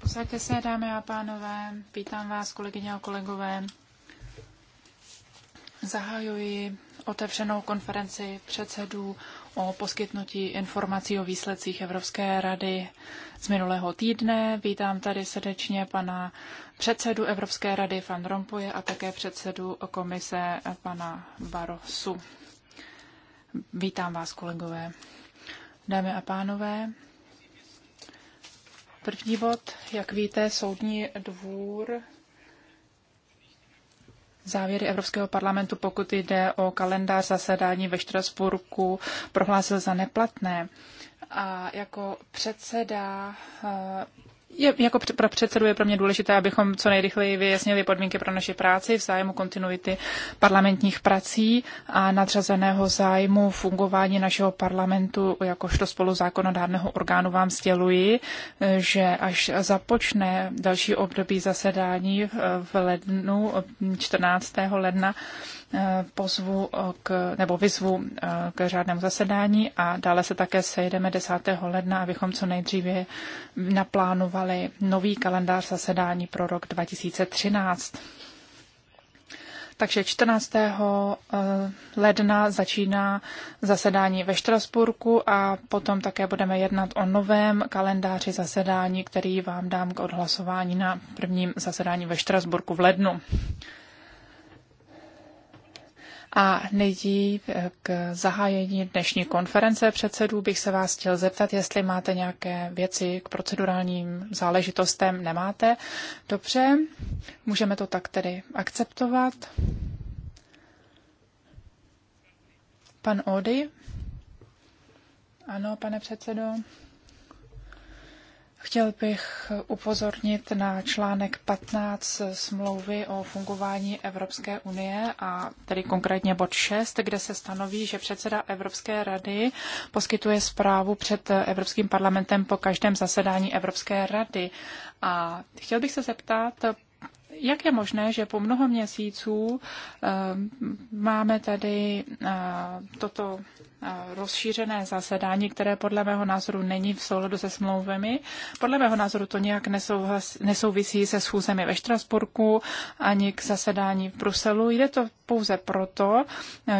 Posaďte se, dámy a pánové, vítám vás, kolegyně a kolegové. Zahajuji otevřenou konferenci předsedů o poskytnutí informací o výsledcích Evropské rady z minulého týdne. Vítám tady srdečně pana předsedu Evropské rady Van Rompuye a také předsedu komise pana Barosu. Vítám vás, kolegové. Dámy a pánové, První bod, jak víte, soudní dvůr závěry Evropského parlamentu, pokud jde o kalendář zasedání ve Štrasburku, prohlásil za neplatné. A jako předseda eh, je, jako pro předsedu je pro mě důležité, abychom co nejrychleji vyjasnili podmínky pro naši práci v zájmu kontinuity parlamentních prací a nadřazeného zájmu fungování našeho parlamentu jakožto zákonodárného orgánu vám sděluji, že až započne další období zasedání v lednu 14. ledna, Eh, pozvu eh, k, nebo vyzvu eh, k řádnému zasedání a dále se také sejdeme 10. ledna, abychom co nejdříve naplánovali nový kalendář zasedání pro rok 2013. Takže 14. ledna začíná zasedání ve Štrasburku a potom také budeme jednat o novém kalendáři zasedání, který vám dám k odhlasování na prvním zasedání ve Štrasburku v lednu. A nejdřív eh, k zahájení dnešní konference předsedů bych se vás chtěl zeptat, jestli máte nějaké věci k procedurálním záležitostem. Nemáte? Dobře, můžeme to tak tedy akceptovat. Pan Ody? Ano, pane předsedo. Chtěl bych upozornit na článek 15 smlouvy o fungování Evropské unie a tedy konkrétně bod 6, kde se stanoví, že předseda Evropské rady poskytuje zprávu před Evropským parlamentem po každém zasedání Evropské rady. A chtěl bych se zeptat, jak je možné, že po mnoho měsíců eh, máme tady eh, toto eh, rozšířené zasedání, které podle mého názoru není v souladu se smlouvami. Podle mého názoru to nějak nesouvisí se schůzemi ve Štrasburku ani k zasedání v Bruselu. Jde to pouze proto,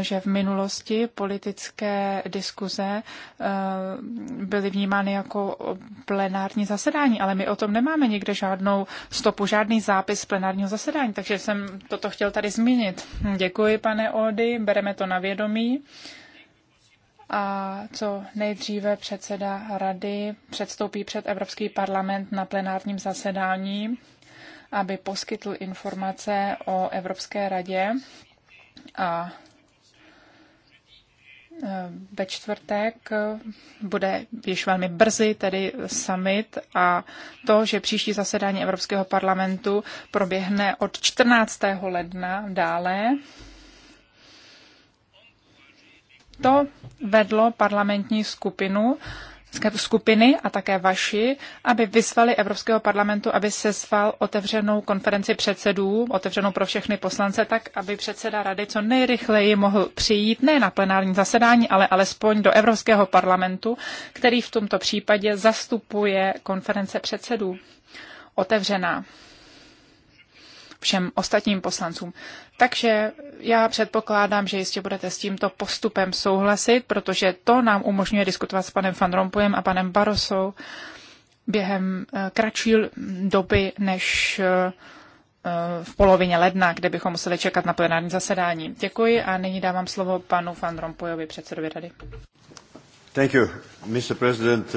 že v minulosti politické diskuze byly vnímány jako plenární zasedání, ale my o tom nemáme nikde žádnou stopu, žádný zápis plenární plenárního zasedání, takže jsem toto chtěl tady zmínit. Děkuji, pane Ody, bereme to na vědomí. A co nejdříve předseda rady předstoupí před Evropský parlament na plenárním zasedání, aby poskytl informace o Evropské radě a Eh, ve čtvrtek eh, bude již velmi brzy tedy summit a to, že příští zasedání Evropského parlamentu proběhne od 14. ledna dále, to vedlo parlamentní skupinu skupiny a také vaši, aby vyzvali Evropského parlamentu, aby se sval otevřenou konferenci předsedů, otevřenou pro všechny poslance, tak aby předseda rady co nejrychleji mohl přijít ne na plenární zasedání, ale alespoň do Evropského parlamentu, který v tomto případě zastupuje konference předsedů. Otevřená všem ostatním poslancům. Takže já předpokládám, že jistě budete s tímto postupem souhlasit, protože to nám umožňuje diskutovat s panem Van Rompuyem a panem Barosou během eh, kratší doby než eh, eh, v polovině ledna, kde bychom museli čekat na plenární zasedání. Děkuji a nyní dávám slovo panu Van Rompuyovi, předsedovi rady. Thank you, Mr. President.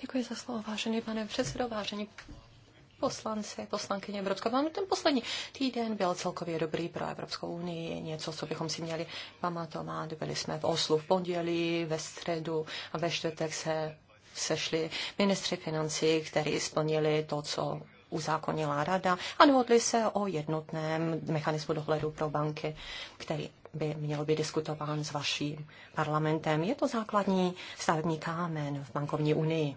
Děkuji za slovo, vážený pane předsedo, vážení poslanci, poslankyně Evropského parlamentu. Ten poslední týden byl celkově dobrý pro Evropskou unii, něco, co bychom si měli pamatovat. Byli jsme v Oslu v pondělí, ve středu a ve čtvrtek se sešli ministři financí, kteří splnili to, co uzákonila rada a dohodli se o jednotném mechanismu dohledu pro banky, který by měl být diskutován s vaším parlamentem. Je to základní stavební kámen v bankovní unii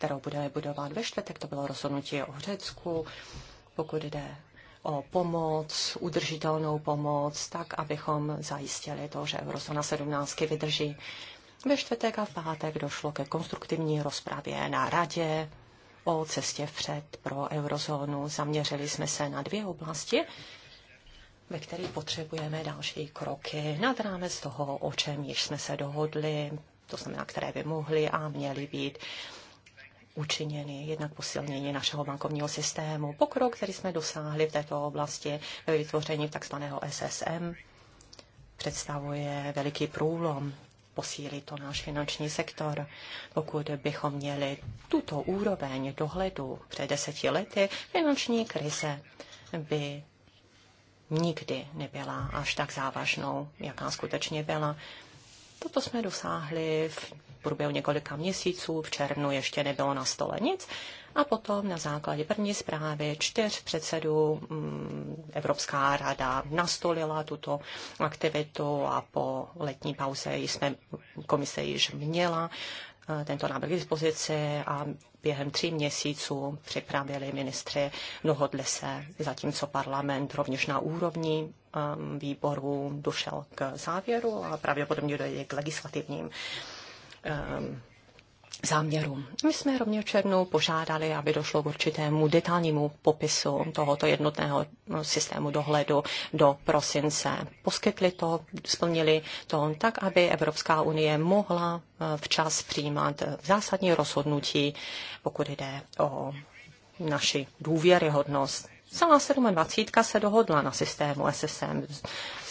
kterou budeme budovat ve čtvrtek. To bylo rozhodnutí o Řecku, pokud jde o pomoc, udržitelnou pomoc, tak, abychom zajistili to, že Eurozona 17 vydrží. Ve čtvrtek a v pátek došlo ke konstruktivní rozpravě na radě o cestě vpřed pro eurozónu. Zaměřili jsme se na dvě oblasti, ve kterých potřebujeme další kroky nad rámec toho, o čem již jsme se dohodli, to znamená, které by mohly a měly být učiněny, jednak posilnění našeho bankovního systému, pokrok, který jsme dosáhli v této oblasti ve vytvoření tzv. SSM, představuje veliký průlom posílí to náš finanční sektor. Pokud bychom měli tuto úroveň dohledu před deseti lety, finanční krize by nikdy nebyla až tak závažnou, jaká skutečně byla. Toto jsme dosáhli v průběhu několika měsíců, v červnu ještě nebylo na stole nic. A potom na základě první zprávy čtyř předsedů mm, Evropská rada nastolila tuto aktivitu a po letní pauze jsme komise již měla eh, tento návrh k dispozici a během tří měsíců připravili ministři, dohodli se, zatímco parlament rovněž na úrovni um, výboru došel k závěru a pravděpodobně dojde k legislativním um, záměru. My jsme rovněž černou požádali, aby došlo k určitému detailnímu popisu tohoto jednotného no, systému dohledu do prosince. Poskytli to, splnili to tak, aby Evropská unie mohla eh, včas přijímat eh, zásadní rozhodnutí, pokud jde o naši důvěryhodnost Celá 27 se dohodla na systému SSM.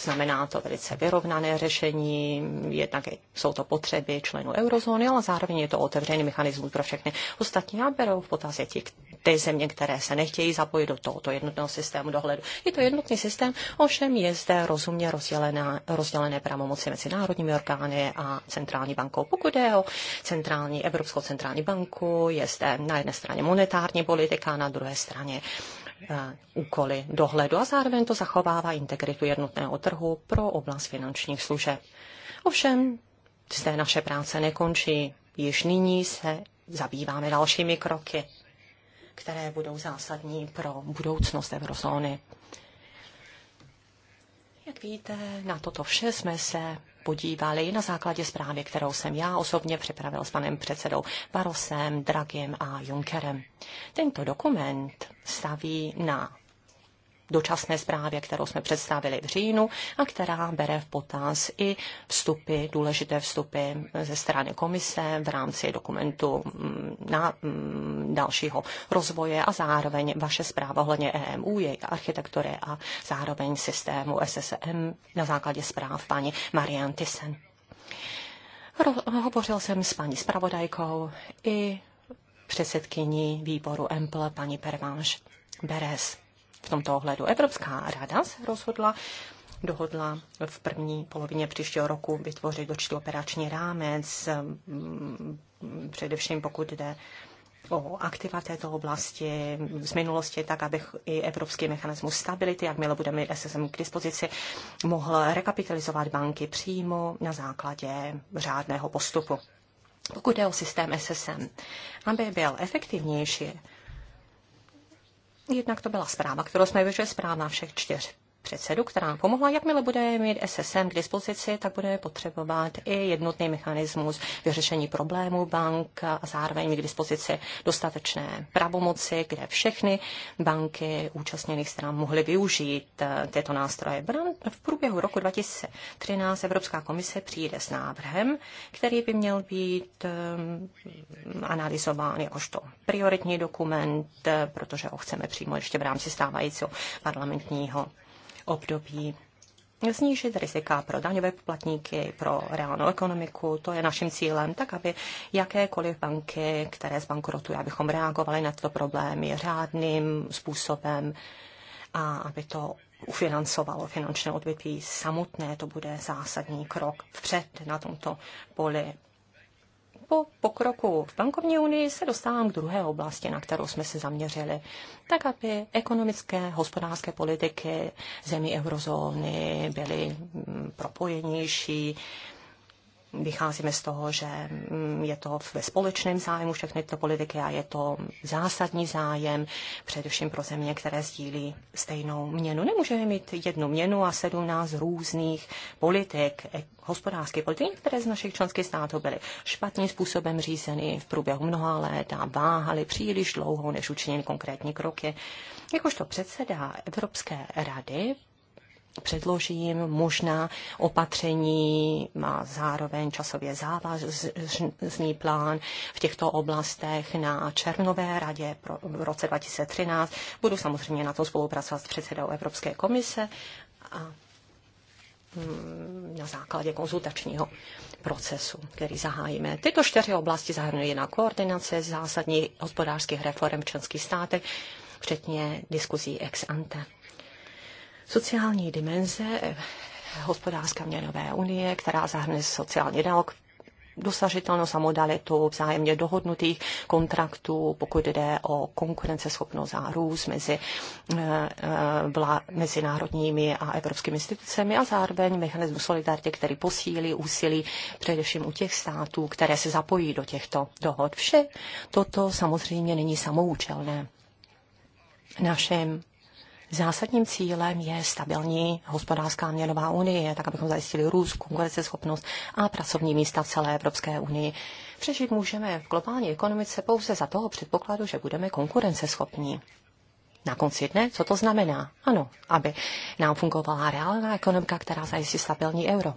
Znamená to velice vyrovnané řešení, jednak jsou to potřeby členů eurozóny, ale zároveň je to otevřený mechanismus pro všechny. Ostatní a berou v potaz je ti, ty země, které se nechtějí zapojit do tohoto jednotného systému dohledu. Je to jednotný systém, ovšem je zde rozumně rozdělené, rozdělené pravomoci mezi národními orgány a centrální bankou. Pokud je o centrální, Evropskou centrální banku, je zde na jedné straně monetární politika, na druhé straně Eh, úkoly dohledu a zároveň to zachovává integritu jednotného trhu pro oblast finančních služeb. Ovšem, zde naše práce nekončí. Již nyní se zabýváme dalšími kroky, které budou zásadní pro budoucnost eurozóny. Jak víte, na toto vše jsme se podívali na základě zprávy, kterou jsem já osobně připravil s panem předsedou Barosem, Dragiem a Junkerem. Tento dokument staví na dočasné zprávě, kterou jsme představili v říjnu a která bere v potaz i vstupy, důležité vstupy ze strany komise v rámci dokumentu mm, na mm, dalšího rozvoje a zároveň vaše zpráva ohledně EMU, její architektury a zároveň systému SSM na základě zpráv paní Marian Thyssen. Hovořil jsem s paní spravodajkou i předsedkyní výboru EMPL paní Pervanš Beres v tomto ohledu. Evropská rada se rozhodla dohodla v první polovině příštího roku vytvořit určitý operační rámec, mm, především pokud jde o aktiva této oblasti z minulosti, tak abych i Evropský mechanismus stability, jakmile bude mít SSM k dispozici, mohl rekapitalizovat banky přímo na základě řádného postupu. Pokud jde o systém SSM, aby byl efektivnější, Jednak to byla zpráva, kterou jsme vyšli zpráva všech čtyř předsedu, která nám pomohla. Jakmile bude mít SSM k dispozici, tak bude potřebovat i jednotný mechanismus vyřešení problémů bank a zároveň mít k dispozici dostatečné pravomoci, kde všechny banky účastněných stran mohly využít eh, tyto nástroje. V průběhu roku 2013 Evropská komise přijde s návrhem, který by měl být ehm, analyzován jakožto prioritní dokument, eh, protože ho chceme přijmout ještě v rámci stávajícího parlamentního období snížit rizika pro daňové poplatníky, pro reálnou ekonomiku. To je naším cílem, tak aby jakékoliv banky, které zbankrotují, abychom reagovali na tyto problémy řádným způsobem a aby to ufinancovalo finančné odvětví samotné. To bude zásadní krok vpřed na tomto poli po pokroku v bankovní unii se dostávám k druhé oblasti, na kterou jsme se zaměřili, tak aby ekonomické, hospodářské politiky zemí eurozóny byly mm, propojenější, vycházíme z toho, že mm, je to ve společném zájmu všechny tyto politiky a je to zásadní zájem, především pro země, které sdílí stejnou měnu. Nemůžeme mít jednu měnu a sedmnáct různých politik, hospodářské politiky, které z našich členských států byly špatným způsobem řízeny v průběhu mnoha let a váhaly příliš dlouho, než učinili konkrétní kroky. Jakožto předseda Evropské rady předložím možná opatření, má zároveň časově závazný plán v těchto oblastech na Černové radě pro, v roce 2013. Budu samozřejmě na tom spolupracovat s předsedou Evropské komise a mm, na základě konzultačního procesu, který zahájíme. Tyto čtyři oblasti zahrnují na koordinace zásadních hospodářských reform v členských státech, včetně diskuzí ex ante. Sociální dimenze eh, hospodářská měnové unie, která zahrne sociální dialog, dosažitelnost a modalitu vzájemně dohodnutých kontraktů, pokud jde o konkurenceschopnost a růst mezi, eh, eh, mezinárodními mezi národními a evropskými institucemi a zároveň mechanismus solidarity, který posílí úsilí především u těch států, které se zapojí do těchto dohod. Vše toto samozřejmě není samoučelné. Našem Zásadním cílem je stabilní hospodářská měnová unie, tak abychom zajistili růst, konkurenceschopnost a pracovní místa v celé Evropské unii. Přežít můžeme v globální ekonomice pouze za toho předpokladu, že budeme konkurenceschopní. Na konci dne, co to znamená? Ano, aby nám fungovala reálná ekonomika, která zajistí stabilní euro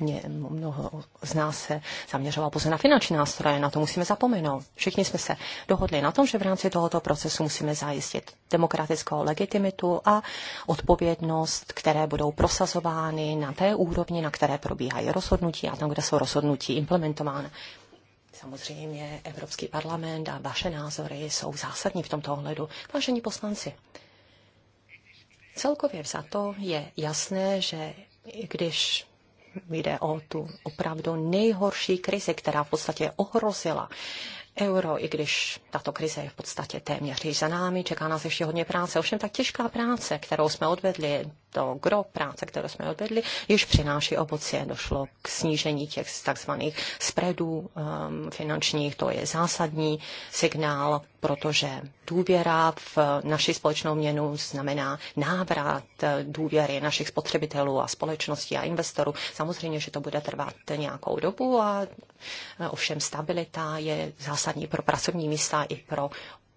mě, mnoho z nás se zaměřoval pouze na finanční nástroje, na to musíme zapomenout. Všichni jsme se dohodli na tom, že v rámci tohoto procesu musíme zajistit demokratickou legitimitu a odpovědnost, které budou prosazovány na té úrovni, na které probíhají rozhodnutí a tam, kde jsou rozhodnutí implementována. Samozřejmě Evropský parlament a vaše názory jsou zásadní v tomto ohledu. Vážení poslanci, celkově za to je jasné, že když jde o tu opravdu nejhorší krizi, která v podstatě ohrozila euro, i když tato krize je v podstatě téměř již za námi, čeká nás ještě hodně práce. Ovšem ta těžká práce, kterou jsme odvedli, to gro práce, kterou jsme odvedli, již přináší ovoce. Došlo k snížení těch takzvaných spreadů um, finančních, to je zásadní signál, protože důvěra v naši společnou měnu znamená návrat eh, důvěry našich spotřebitelů a společností a investorů. Samozřejmě, že to bude trvat nějakou dobu a eh, ovšem stabilita je zásadní zásadní pro pracovní místa i pro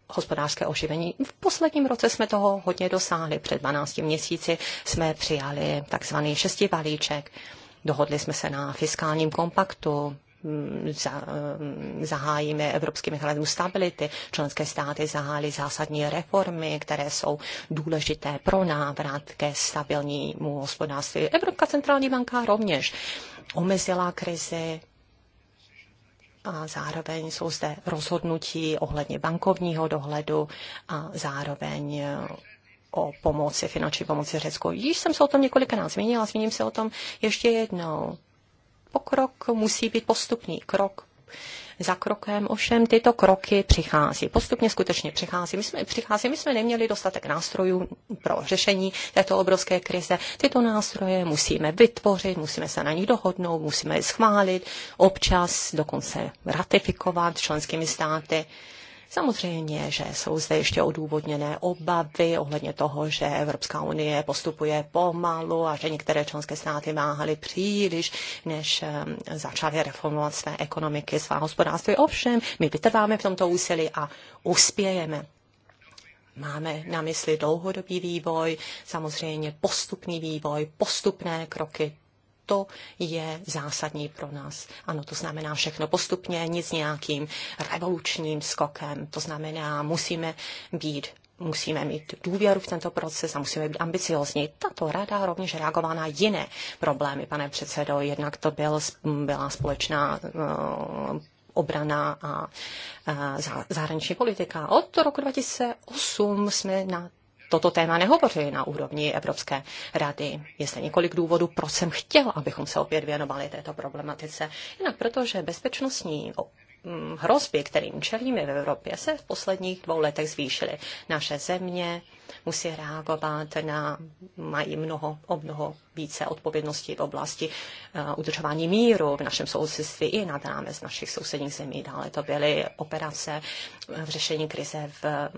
hospodářské oživení. V posledním roce jsme toho hodně dosáhli. Před 12 měsíci jsme přijali takzvaný šesti balíček. Dohodli jsme se na fiskálním kompaktu, mm, mm, zahájíme Evropský mechanismus stability, členské státy zahájí zásadní reformy, které jsou důležité pro návrat ke stabilnímu hospodářství. Evropská centrální banka rovněž omezila krizi, a zároveň jsou zde rozhodnutí ohledně bankovního dohledu a zároveň eh, o pomoci, finanční pomoci Řecku. Již jsem se o tom několikrát zmínila, zmíním se o tom ještě jednou. Pokrok musí být postupný krok za krokem, ovšem tyto kroky přichází, postupně skutečně přichází. My jsme, přichází, my jsme neměli dostatek nástrojů pro řešení této obrovské krize. Tyto nástroje musíme vytvořit, musíme se na nich dohodnout, musíme je schválit, občas dokonce ratifikovat členskými státy. Samozřejmě, že jsou zde ještě odůvodněné obavy ohledně toho, že Evropská unie postupuje pomalu a že některé členské státy váhaly příliš, než ehm, začaly reformovat své ekonomiky, svá hospodářství. Ovšem, my vytrváme v tomto úsilí a uspějeme. Máme na mysli dlouhodobý vývoj, samozřejmě postupný vývoj, postupné kroky, to je zásadní pro nás. Ano, to znamená všechno postupně, nic nějakým revolučním skokem. To znamená, musíme být musíme mít důvěru v tento proces a musíme být ambiciozní. Tato rada rovněž reagovala na jiné problémy, pane předsedo. Jednak to byl, byla společná uh, obrana a, uh, zahraniční politika. Od roku 2008 jsme na toto téma nehovořili na úrovni Evropské rady. Je zde několik důvodů, proč jsem chtěl, abychom se opět věnovali této problematice. Jinak protože bezpečnostní Mm, hrozby, kterým čelíme v Evropě, se v posledních dvou letech zvýšily. Naše země musí reagovat na, mají mnoho, o mnoho více odpovědností v oblasti uh, udržování míru v našem sousedství i nad z našich sousedních zemí. Dále to byly operace v řešení krize v uh,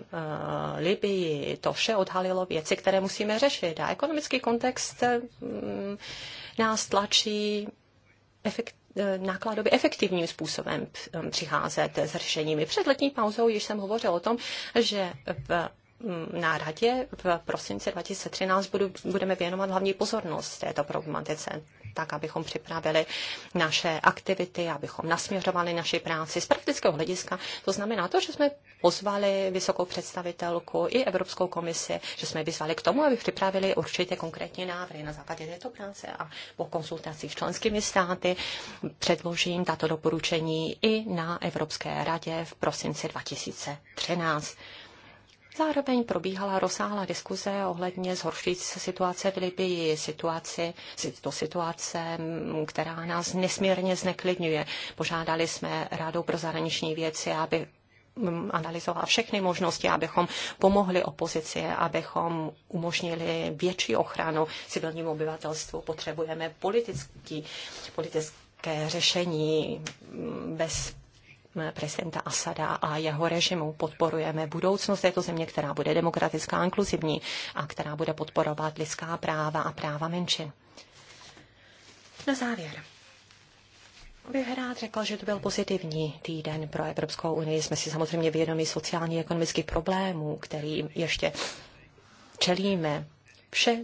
Libii. To vše odhalilo věci, které musíme řešit. A ekonomický kontext um, nás tlačí efekt Eh, nákladově efektivním způsobem eh, přicházet s řešeními. Před letní pauzou již jsem hovořil o tom, že v mm, na radě v prosinci 2013 budu, budeme věnovat hlavní pozornost této problematice tak abychom připravili naše aktivity, abychom nasměřovali naši práci z praktického hlediska. To znamená to, že jsme pozvali vysokou představitelku i Evropskou komisi, že jsme vyzvali k tomu, aby připravili určité konkrétní návrhy na základě této práce a po konsultacích s členskými státy předložím tato doporučení i na Evropské radě v prosinci 2013. Zároveň probíhala rozsáhlá diskuze ohledně zhoršující se situace v Libii, situaci, to situace, mm, která nás nesmírně zneklidňuje. Požádali jsme Rádu pro zahraniční věci, aby mm, analyzovala všechny možnosti, abychom pomohli opozici, abychom umožnili větší ochranu civilnímu obyvatelstvu. Potřebujeme politický, politické řešení mm, bez Eh, prezidenta Asada a jeho režimu. Podporujeme budoucnost této země, která bude demokratická inkluzivní a která bude podporovat lidská práva a práva menšin. Na závěr bych rád řekl, že to byl pozitivní týden pro Evropskou unii. Jsme si samozřejmě vědomi sociálně ekonomických problémů, kterým ještě čelíme. Vše,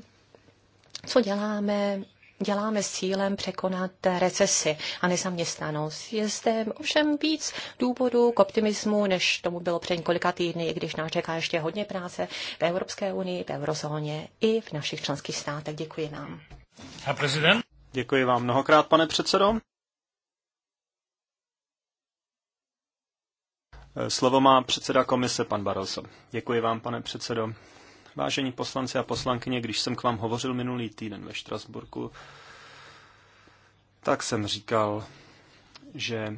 co děláme, děláme s cílem překonat recesi a nezaměstnanost. Je zde ovšem víc důvodů k optimismu, než tomu bylo před několika týdny, i když nás čeká ještě hodně práce v Evropské unii, v eurozóně i v našich členských státech. Děkuji vám. A prezident. Děkuji vám mnohokrát, pane předsedo. Slovo má předseda komise, pan Barroso. Děkuji vám, pane předsedo. Vážení poslanci a poslankyně, když jsem k vám hovořil minulý týden ve Štrasburku, tak jsem říkal, že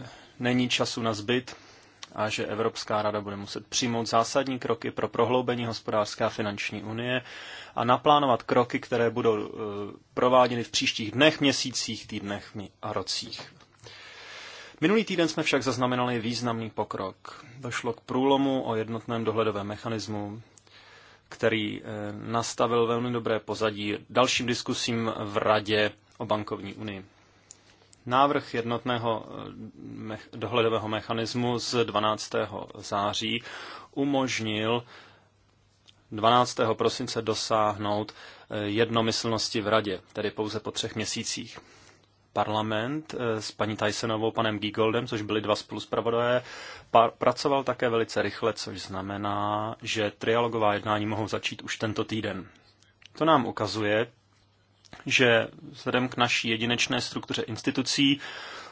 eh, není času na zbyt a že Evropská rada bude muset přijmout zásadní kroky pro prohloubení hospodářské a finanční unie a naplánovat kroky, které budou eh, prováděny v příštích dnech, měsících, týdnech a rocích. Minulý týden jsme však zaznamenali významný pokrok. Došlo k průlomu o jednotném dohledovém mechanismu, který eh, nastavil velmi dobré pozadí dalším diskusím v Radě o bankovní unii. Návrh jednotného eh, dohledového mechanismu z 12. září umožnil 12. prosince dosáhnout eh, jednomyslnosti v radě, tedy pouze po třech měsících parlament eh, s paní Tysonovou, panem Giegoldem, což byli dva spoluspravodajé, pracoval také velice rychle, což znamená, že trialogová jednání mohou začít už tento týden. To nám ukazuje, že vzhledem k naší jedinečné struktuře institucí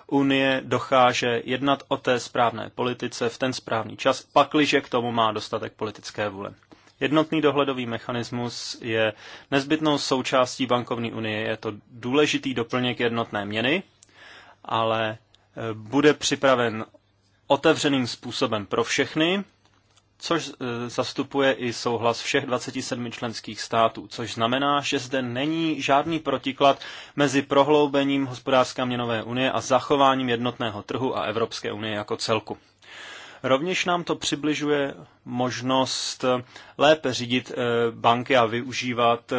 Unie dokáže jednat o té správné politice v ten správný čas, pakliže k tomu má dostatek politické vůle. Jednotný dohledový mechanismus je nezbytnou součástí bankovní unie. Je to důležitý doplněk jednotné měny, ale e, bude připraven otevřeným způsobem pro všechny, což e, zastupuje i souhlas všech 27 členských států, což znamená, že zde není žádný protiklad mezi prohloubením hospodářské měnové unie a zachováním jednotného trhu a Evropské unie jako celku. Rovněž nám to přibližuje možnost eh, lépe řídit eh, banky a využívat eh,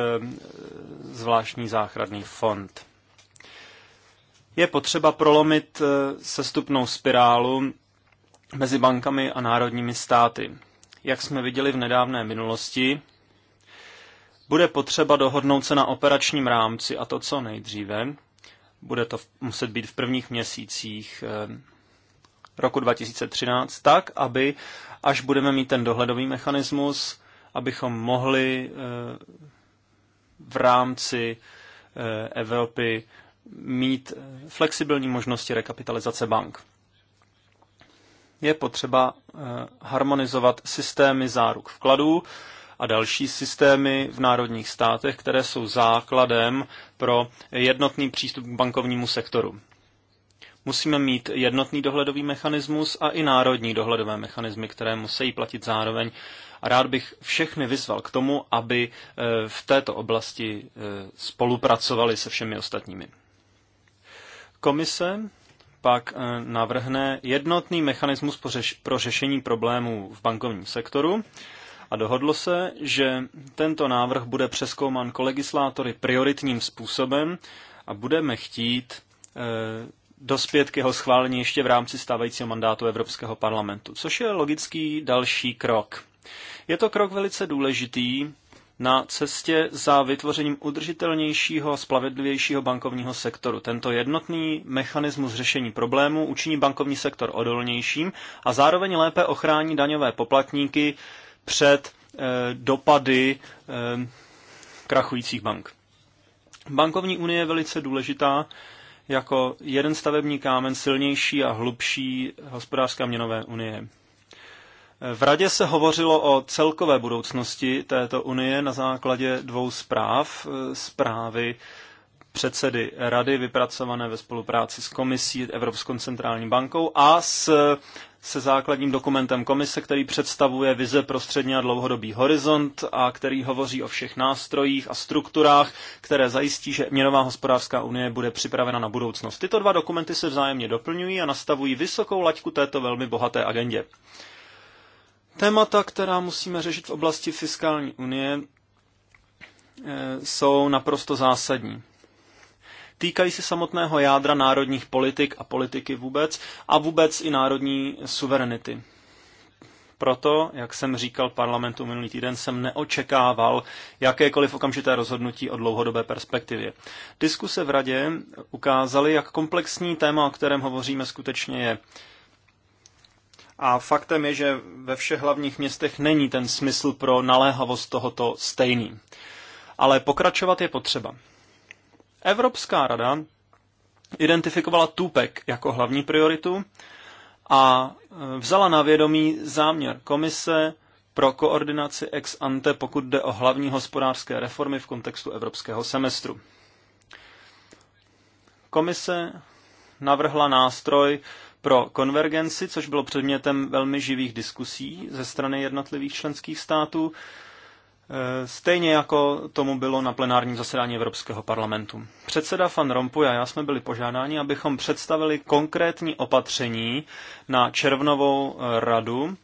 zvláštní záchranný fond. Je potřeba prolomit sestupnou spirálu mezi bankami a národními státy. Jak jsme viděli v nedávné minulosti, bude potřeba dohodnout se na operačním rámci a to co nejdříve. Bude to muset být v prvních měsících roku 2013 tak, aby až budeme mít ten dohledový mechanismus, abychom mohli eh, v rámci eh, Evropy mít eh, flexibilní možnosti rekapitalizace bank. Je potřeba harmonizovat systémy záruk vkladů a další systémy v národních státech, které jsou základem pro jednotný přístup k bankovnímu sektoru. Musíme mít jednotný dohledový mechanismus a i národní dohledové mechanismy, které musí platit zároveň. A rád bych všechny vyzval k tomu, aby eh, v této oblasti eh, spolupracovali se všemi ostatními. Komise pak eh, navrhne jednotný mechanismus pro řešení problémů v bankovním sektoru a dohodlo se, že tento návrh bude přeskoumán kolegislátory prioritním způsobem a budeme chtít dospět k jeho schválení ještě v rámci stávajícího mandátu Evropského parlamentu, což je logický další krok. Je to krok velice důležitý na cestě za vytvořením udržitelnějšího, splavedlivějšího bankovního sektoru. Tento jednotný mechanismus řešení problémů učiní bankovní sektor odolnějším a zároveň lépe ochrání daňové poplatníky před e, dopady e, krachujících bank. Bankovní unie je velice důležitá, jako jeden stavební kámen silnější a hlubší hospodářské a měnové unie. V radě se hovořilo o celkové budoucnosti této unie na základě dvou zpráv. Zprávy předsedy rady vypracované ve spolupráci s komisí, Evropskou centrální bankou a s se základním dokumentem komise, který představuje vize pro střední a dlouhodobý horizont a který hovoří o všech nástrojích a strukturách, které zajistí, že měnová hospodářská unie bude připravena na budoucnost. Tyto dva dokumenty se vzájemně doplňují a nastavují vysokou laťku této velmi bohaté agendě. Témata, která musíme řešit v oblasti fiskální unie, eh, jsou naprosto zásadní týkají se samotného jádra národních politik a politiky vůbec a vůbec i národní suverenity. Proto, jak jsem říkal parlamentu minulý týden, jsem neočekával jakékoliv okamžité rozhodnutí o dlouhodobé perspektivě. Diskuse v radě ukázaly, jak komplexní téma, o kterém hovoříme, skutečně je. A faktem je, že ve všech hlavních městech není ten smysl pro naléhavost tohoto stejný. Ale pokračovat je potřeba. Evropská rada identifikovala TUPEK jako hlavní prioritu a e, vzala na vědomí záměr komise pro koordinaci ex ante, pokud jde o hlavní hospodářské reformy v kontextu evropského semestru. Komise navrhla nástroj pro konvergenci, což bylo předmětem velmi živých diskusí ze strany jednotlivých členských států, Eh, stejně jako tomu bylo na plenárním zasedání Evropského parlamentu. Předseda Van Rompuy a já jsme byli požádáni, abychom představili konkrétní opatření na červnovou eh, radu,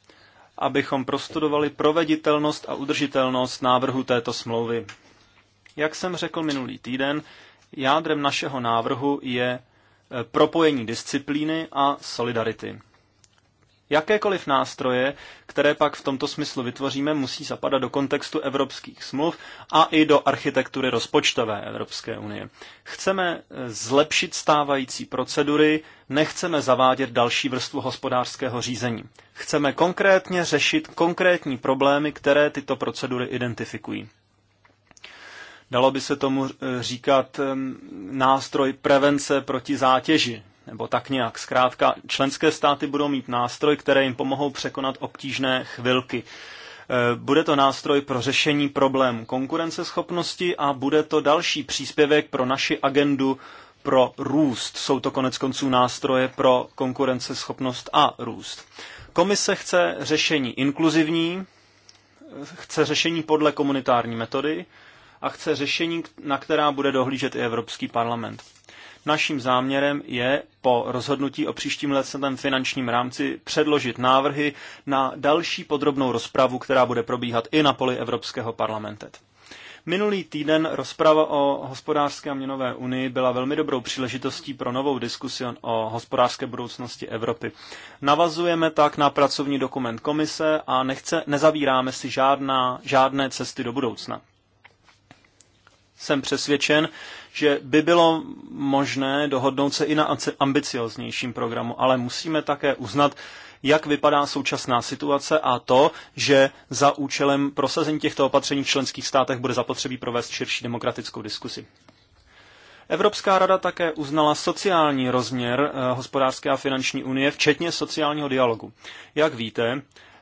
abychom prostudovali proveditelnost a udržitelnost návrhu této smlouvy. Jak jsem řekl minulý týden, jádrem našeho návrhu je eh, propojení disciplíny a solidarity. Jakékoliv nástroje, které pak v tomto smyslu vytvoříme, musí zapadat do kontextu evropských smluv a i do architektury rozpočtové Evropské unie. Chceme eh, zlepšit stávající procedury, nechceme zavádět další vrstvu hospodářského řízení. Chceme konkrétně řešit konkrétní problémy, které tyto procedury identifikují. Dalo by se tomu eh, říkat eh, nástroj prevence proti zátěži, nebo tak nějak. Zkrátka, členské státy budou mít nástroj, které jim pomohou překonat obtížné chvilky. E, bude to nástroj pro řešení problémů konkurenceschopnosti a bude to další příspěvek pro naši agendu pro růst. Jsou to konec konců nástroje pro konkurenceschopnost a růst. Komise chce řešení inkluzivní, chce řešení podle komunitární metody a chce řešení, na která bude dohlížet i Evropský parlament. Naším záměrem je po rozhodnutí o příštím letem finančním rámci předložit návrhy na další podrobnou rozpravu, která bude probíhat i na poli Evropského parlamentu. Minulý týden rozprava o hospodářské a měnové unii byla velmi dobrou příležitostí pro novou diskusi o hospodářské budoucnosti Evropy. Navazujeme tak na pracovní dokument komise a nechce, nezavíráme si žádná, žádné cesty do budoucna. Jsem přesvědčen, že by bylo možné dohodnout se i na ambicioznějším programu, ale musíme také uznat, jak vypadá současná situace a to, že za účelem prosazení těchto opatření v členských státech bude zapotřebí provést širší demokratickou diskusi. Evropská rada také uznala sociální rozměr eh, hospodářské a finanční unie, včetně sociálního dialogu. Jak víte,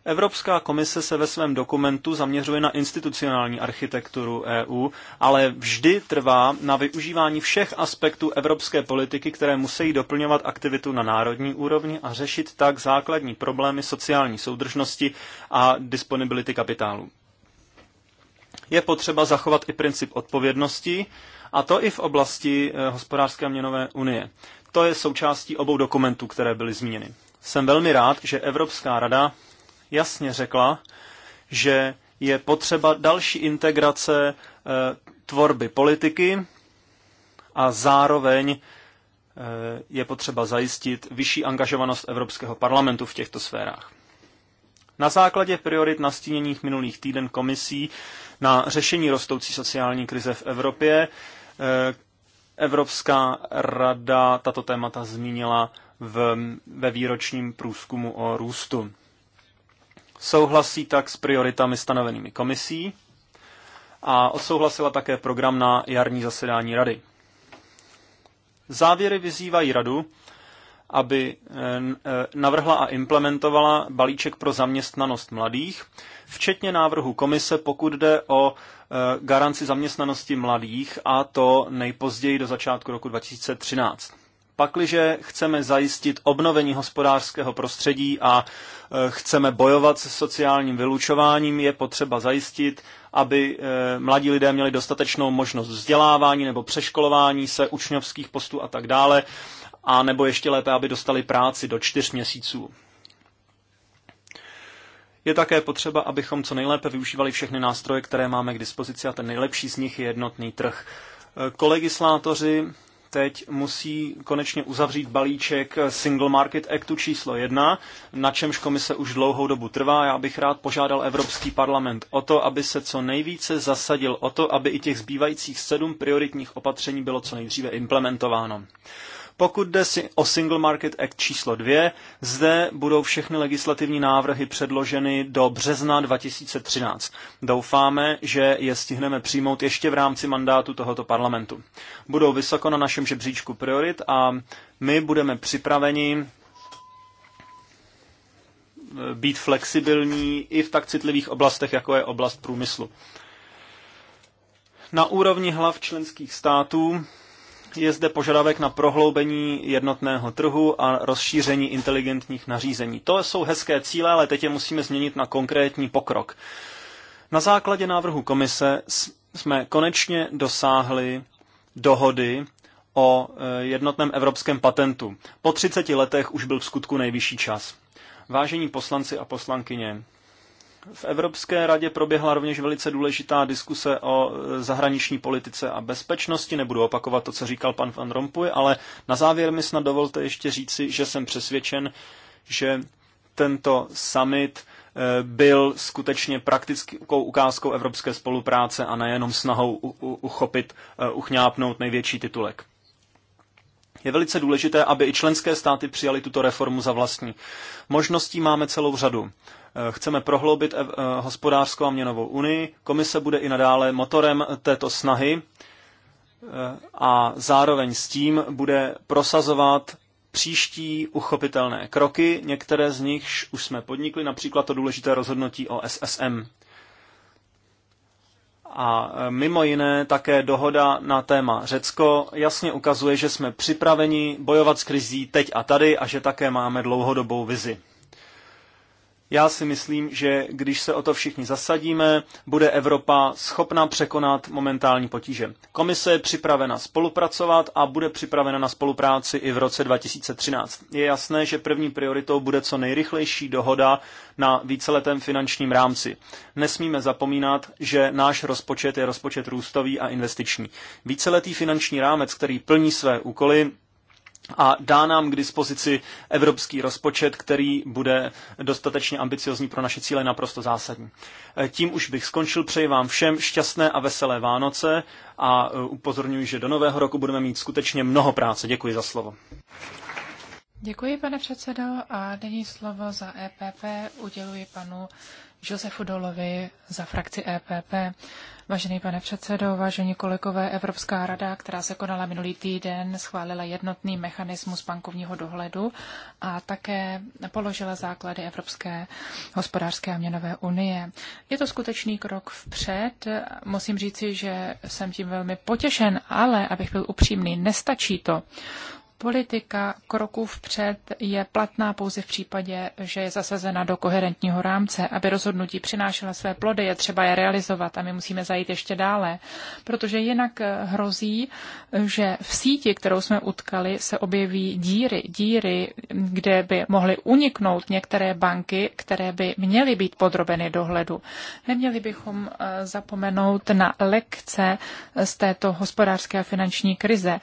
Evropská komise se ve svém dokumentu zaměřuje na institucionální architekturu EU, ale vždy trvá na využívání všech aspektů evropské politiky, které musí doplňovat aktivitu na národní úrovni a řešit tak základní problémy sociální soudržnosti a disponibility kapitálu. Je potřeba zachovat i princip odpovědnosti, a to i v oblasti eh, hospodářské a měnové unie. To je součástí obou dokumentů, které byly zmíněny. Jsem velmi rád, že Evropská rada jasně řekla, že je potřeba další integrace eh, tvorby politiky a zároveň eh, je potřeba zajistit vyšší angažovanost Evropského parlamentu v těchto sférách. Na základě priorit nastíněných minulých týden komisí na řešení rostoucí sociální krize v Evropě, eh, Evropská rada tato témata zmínila v, ve výročním průzkumu o růstu. Souhlasí tak s prioritami stanovenými komisí a odsouhlasila také program na jarní zasedání rady. Závěry vyzývají radu, aby eh, eh, navrhla a implementovala balíček pro zaměstnanost mladých, včetně návrhu komise, pokud jde o eh, garanci zaměstnanosti mladých, a to nejpozději do začátku roku 2013. Pakliže chceme zajistit obnovení hospodářského prostředí a e, chceme bojovat se sociálním vylučováním, je potřeba zajistit, aby e, mladí lidé měli dostatečnou možnost vzdělávání nebo přeškolování se učňovských postů a tak dále, a nebo ještě lépe, aby dostali práci do čtyř měsíců. Je také potřeba, abychom co nejlépe využívali všechny nástroje, které máme k dispozici a ten nejlepší z nich je jednotný trh. E, kolegislátoři teď musí konečně uzavřít balíček Single Market Actu číslo 1, na čemž komise už dlouhou dobu trvá. Já bych rád požádal Evropský parlament o to, aby se co nejvíce zasadil o to, aby i těch zbývajících sedm prioritních opatření bylo co nejdříve implementováno. Pokud jde si o Single Market Act číslo 2, zde budou všechny legislativní návrhy předloženy do března 2013. Doufáme, že je stihneme přijmout ještě v rámci mandátu tohoto parlamentu. Budou vysoko na našem žebříčku priorit a my budeme připraveni eh, být flexibilní i v tak citlivých oblastech, jako je oblast průmyslu. Na úrovni hlav členských států je zde požadavek na prohloubení jednotného trhu a rozšíření inteligentních nařízení. To jsou hezké cíle, ale teď je musíme změnit na konkrétní pokrok. Na základě návrhu komise jsme konečně dosáhli dohody o eh, jednotném evropském patentu. Po 30 letech už byl v skutku nejvyšší čas. Vážení poslanci a poslankyně, v Evropské radě proběhla rovněž velice důležitá diskuse o e, zahraniční politice a bezpečnosti. Nebudu opakovat to, co říkal pan Van Rompuy, ale na závěr mi snad dovolte ještě říci, že jsem přesvědčen, že tento summit e, byl skutečně praktickou ukázkou evropské spolupráce a nejenom snahou uchopit, e, uchňápnout největší titulek. Je velice důležité, aby i členské státy přijali tuto reformu za vlastní. Možností máme celou řadu. Eh, chceme prohloubit eh, hospodářskou a měnovou unii. Komise bude i nadále motorem této snahy eh, a zároveň s tím bude prosazovat příští uchopitelné kroky, některé z nich už jsme podnikli, například to důležité rozhodnutí o SSM. A mimo jiné také dohoda na téma Řecko jasně ukazuje, že jsme připraveni bojovat s krizí teď a tady a že také máme dlouhodobou vizi. Já si myslím, že když se o to všichni zasadíme, bude Evropa schopna překonat momentální potíže. Komise je připravena spolupracovat a bude připravena na spolupráci i v roce 2013. Je jasné, že první prioritou bude co nejrychlejší dohoda na víceletém finančním rámci. Nesmíme zapomínat, že náš rozpočet je rozpočet růstový a investiční. Víceletý finanční rámec, který plní své úkoly, a dá nám k dispozici evropský rozpočet, který bude dostatečně ambiciozní pro naše cíle naprosto zásadní. E, tím už bych skončil, přeji vám všem šťastné a veselé Vánoce a e, upozorňuji, že do nového roku budeme mít skutečně mnoho práce. Děkuji za slovo. Děkuji, pane předsedo, a nyní slovo za EPP uděluji panu Josefu Dolovi za frakci EPP. Vážený pane předsedo, vážení kolegové, Evropská rada, která se konala minulý týden, schválila jednotný mechanismus bankovního dohledu a také položila základy Evropské hospodářské a měnové unie. Je to skutečný krok vpřed. Musím říci, že jsem tím velmi potěšen, ale abych byl upřímný, nestačí to politika kroků vpřed je platná pouze v případě, že je zasazena do koherentního rámce. Aby rozhodnutí přinášela své plody, je třeba je realizovat a my musíme zajít ještě dále, protože jinak hrozí, že v síti, kterou jsme utkali, se objeví díry, díry, kde by mohly uniknout některé banky, které by měly být podrobeny dohledu. Neměli bychom eh, zapomenout na lekce z této hospodářské a finanční krize.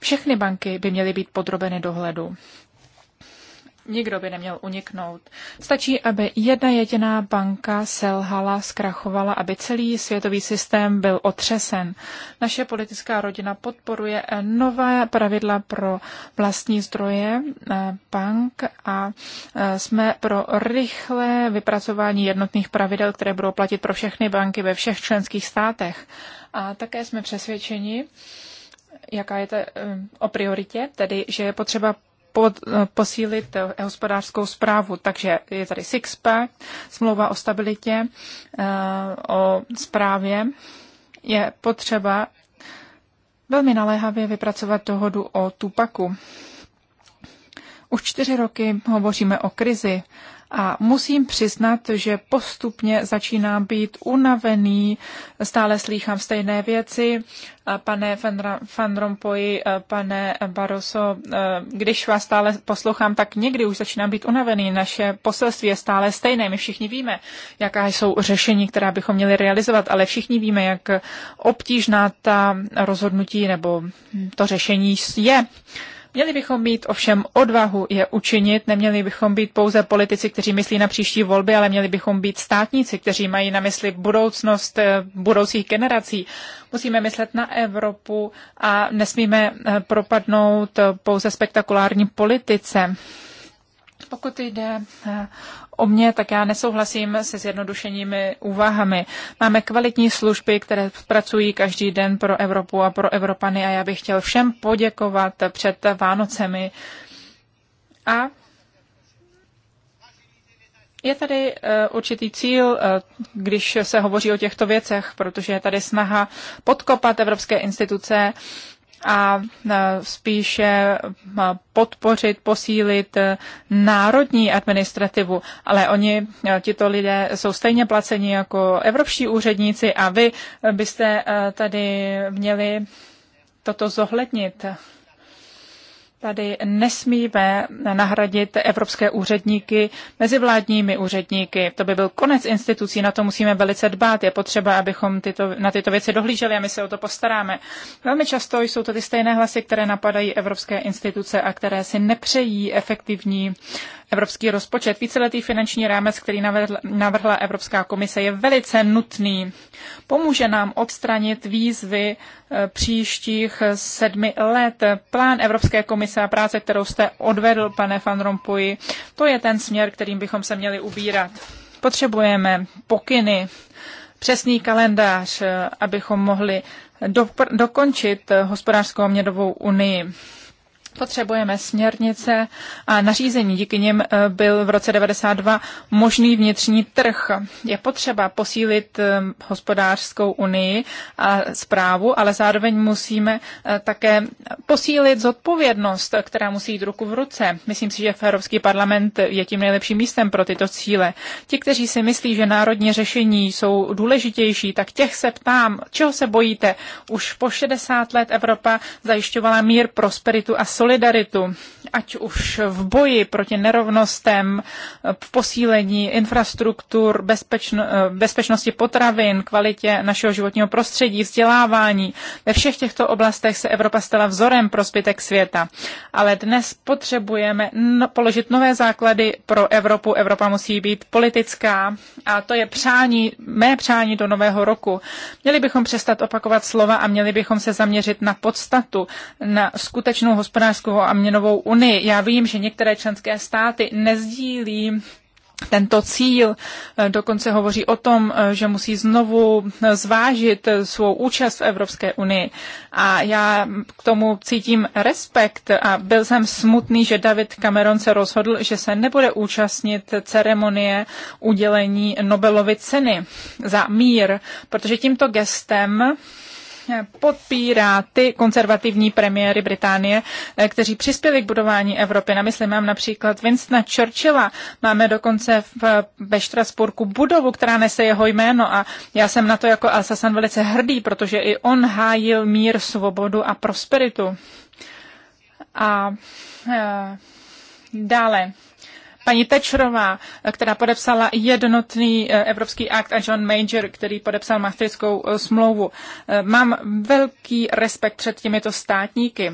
Všechny banky by měly být podrobeny dohledu. Nikdo by neměl uniknout. Stačí, aby jedna jediná banka selhala, zkrachovala, aby celý světový systém byl otřesen. Naše politická rodina podporuje nové pravidla pro vlastní zdroje eh, bank a eh, jsme pro rychlé vypracování jednotných pravidel, které budou platit pro všechny banky ve všech členských státech. A také jsme přesvědčeni, jaká je to eh, o prioritě, tedy že je potřeba pod, eh, posílit eh, hospodářskou zprávu. Takže je tady Sixpack, smlouva o stabilitě, o zprávě. Je potřeba velmi naléhavě vypracovat dohodu o Tupaku. Už čtyři roky hovoříme o krizi a musím přiznat, že postupně začínám být unavený, stále slýchám stejné věci. Pane Van Rompuy, pane Barroso, když vás stále poslouchám, tak někdy už začínám být unavený. Naše poselství je stále stejné. My všichni víme, jaká jsou řešení, která bychom měli realizovat, ale všichni víme, jak obtížná ta rozhodnutí nebo to řešení je. Měli bychom mít ovšem odvahu je učinit, neměli bychom být pouze politici, kteří myslí na příští volby, ale měli bychom být státníci, kteří mají na mysli budoucnost eh, budoucích generací. Musíme myslet na Evropu a nesmíme eh, propadnout eh, pouze spektakulární politice. Pokud jde o mě, tak já nesouhlasím se zjednodušenými úvahami. Máme kvalitní služby, které pracují každý den pro Evropu a pro Evropany a já bych chtěl všem poděkovat před Vánocemi. A je tady eh, určitý cíl, eh, když se hovoří o těchto věcech, protože je tady snaha podkopat evropské instituce a spíše podpořit, posílit e, národní administrativu. Ale oni, e, tito lidé, jsou stejně placeni jako evropští úředníci a vy byste e, tady měli toto zohlednit. Tady nesmíme nahradit evropské úředníky mezivládními úředníky. To by byl konec institucí, na to musíme velice dbát. Je potřeba, abychom tyto, na tyto věci dohlíželi a my se o to postaráme. Velmi často jsou to ty stejné hlasy, které napadají evropské instituce a které si nepřejí efektivní uh, evropský rozpočet. Víceletý finanční rámec, který navrhla Evropská komise, je velice nutný. Pomůže nám odstranit výzvy eh, příštích sedmi let. Plán Evropské komise a práce, kterou jste odvedl, pane Van Rompuy, to je ten směr, kterým bychom se měli ubírat. Potřebujeme pokyny, přesný kalendář, eh, abychom mohli dokončit eh, hospodářskou a měnovou unii. Potřebujeme směrnice a nařízení, díky nim eh, byl v roce 92 možný vnitřní trh. Je potřeba posílit eh, hospodářskou unii a zprávu, ale zároveň musíme eh, také posílit zodpovědnost, která musí jít ruku v ruce. Myslím si, že Evropský parlament je tím nejlepším místem pro tyto cíle. Ti, kteří si myslí, že národní řešení jsou důležitější, tak těch se ptám, čeho se bojíte? Už po 60 let Evropa zajišťovala mír, prosperitu a solidaritu, ať už v boji proti nerovnostem, v posílení infrastruktur, bezpečno, bezpečnosti potravin, kvalitě našeho životního prostředí, vzdělávání. Ve všech těchto oblastech se Evropa stala vzorem pro zbytek světa. Ale dnes potřebujeme položit nové základy pro Evropu. Evropa musí být politická a to je přání, mé přání do nového roku. Měli bychom přestat opakovat slova a měli bychom se zaměřit na podstatu, na skutečnou hospodářskou hospodářskou a měnovou unii. Já vím, že některé členské státy nezdílí tento cíl. Eh, dokonce hovoří o tom, eh, že musí znovu eh, zvážit svou účast v Evropské unii. A já k tomu cítím respekt a byl jsem smutný, že David Cameron se rozhodl, že se nebude účastnit ceremonie udělení Nobelovy ceny za mír, protože tímto gestem podpírá ty konzervativní premiéry Británie, eh, kteří přispěli k budování Evropy. Na mysli mám například Winstona Churchilla. Máme dokonce v, ve Štrasburku budovu, která nese jeho jméno a já jsem na to jako Alsasan velice hrdý, protože i on hájil mír, svobodu a prosperitu. A, a eh, dále paní Tečerová, která podepsala jednotný eh, evropský akt a John Major, který podepsal Maastrichtskou eh, smlouvu. Eh, mám velký respekt před těmito státníky.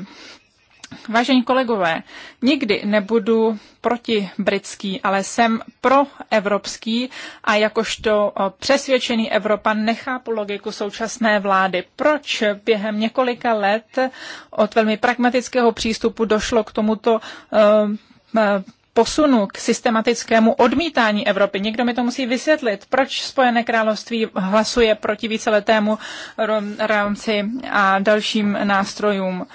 Vážení kolegové, nikdy nebudu proti britský, ale jsem pro evropský a jakožto přesvědčený Evropan nechápu logiku současné vlády. Proč během několika let od velmi pragmatického přístupu došlo k tomuto uh, posunu k systematickému odmítání Evropy. Někdo mi to musí vysvětlit, proč Spojené království hlasuje proti víceletému rámci a dalším nástrojům.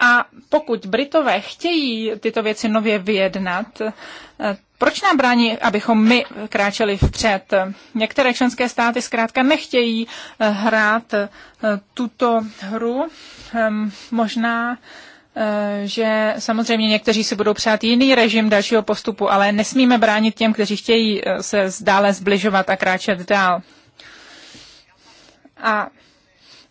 A pokud Britové chtějí tyto věci nově vyjednat, proč nám brání, abychom my kráčeli vpřed? Některé členské státy zkrátka nechtějí hrát tuto hru. Ehm, možná Eh, že samozřejmě někteří si budou přát jiný režim dalšího postupu, ale nesmíme bránit těm, kteří chtějí eh, se dále zbližovat a kráčet dál. A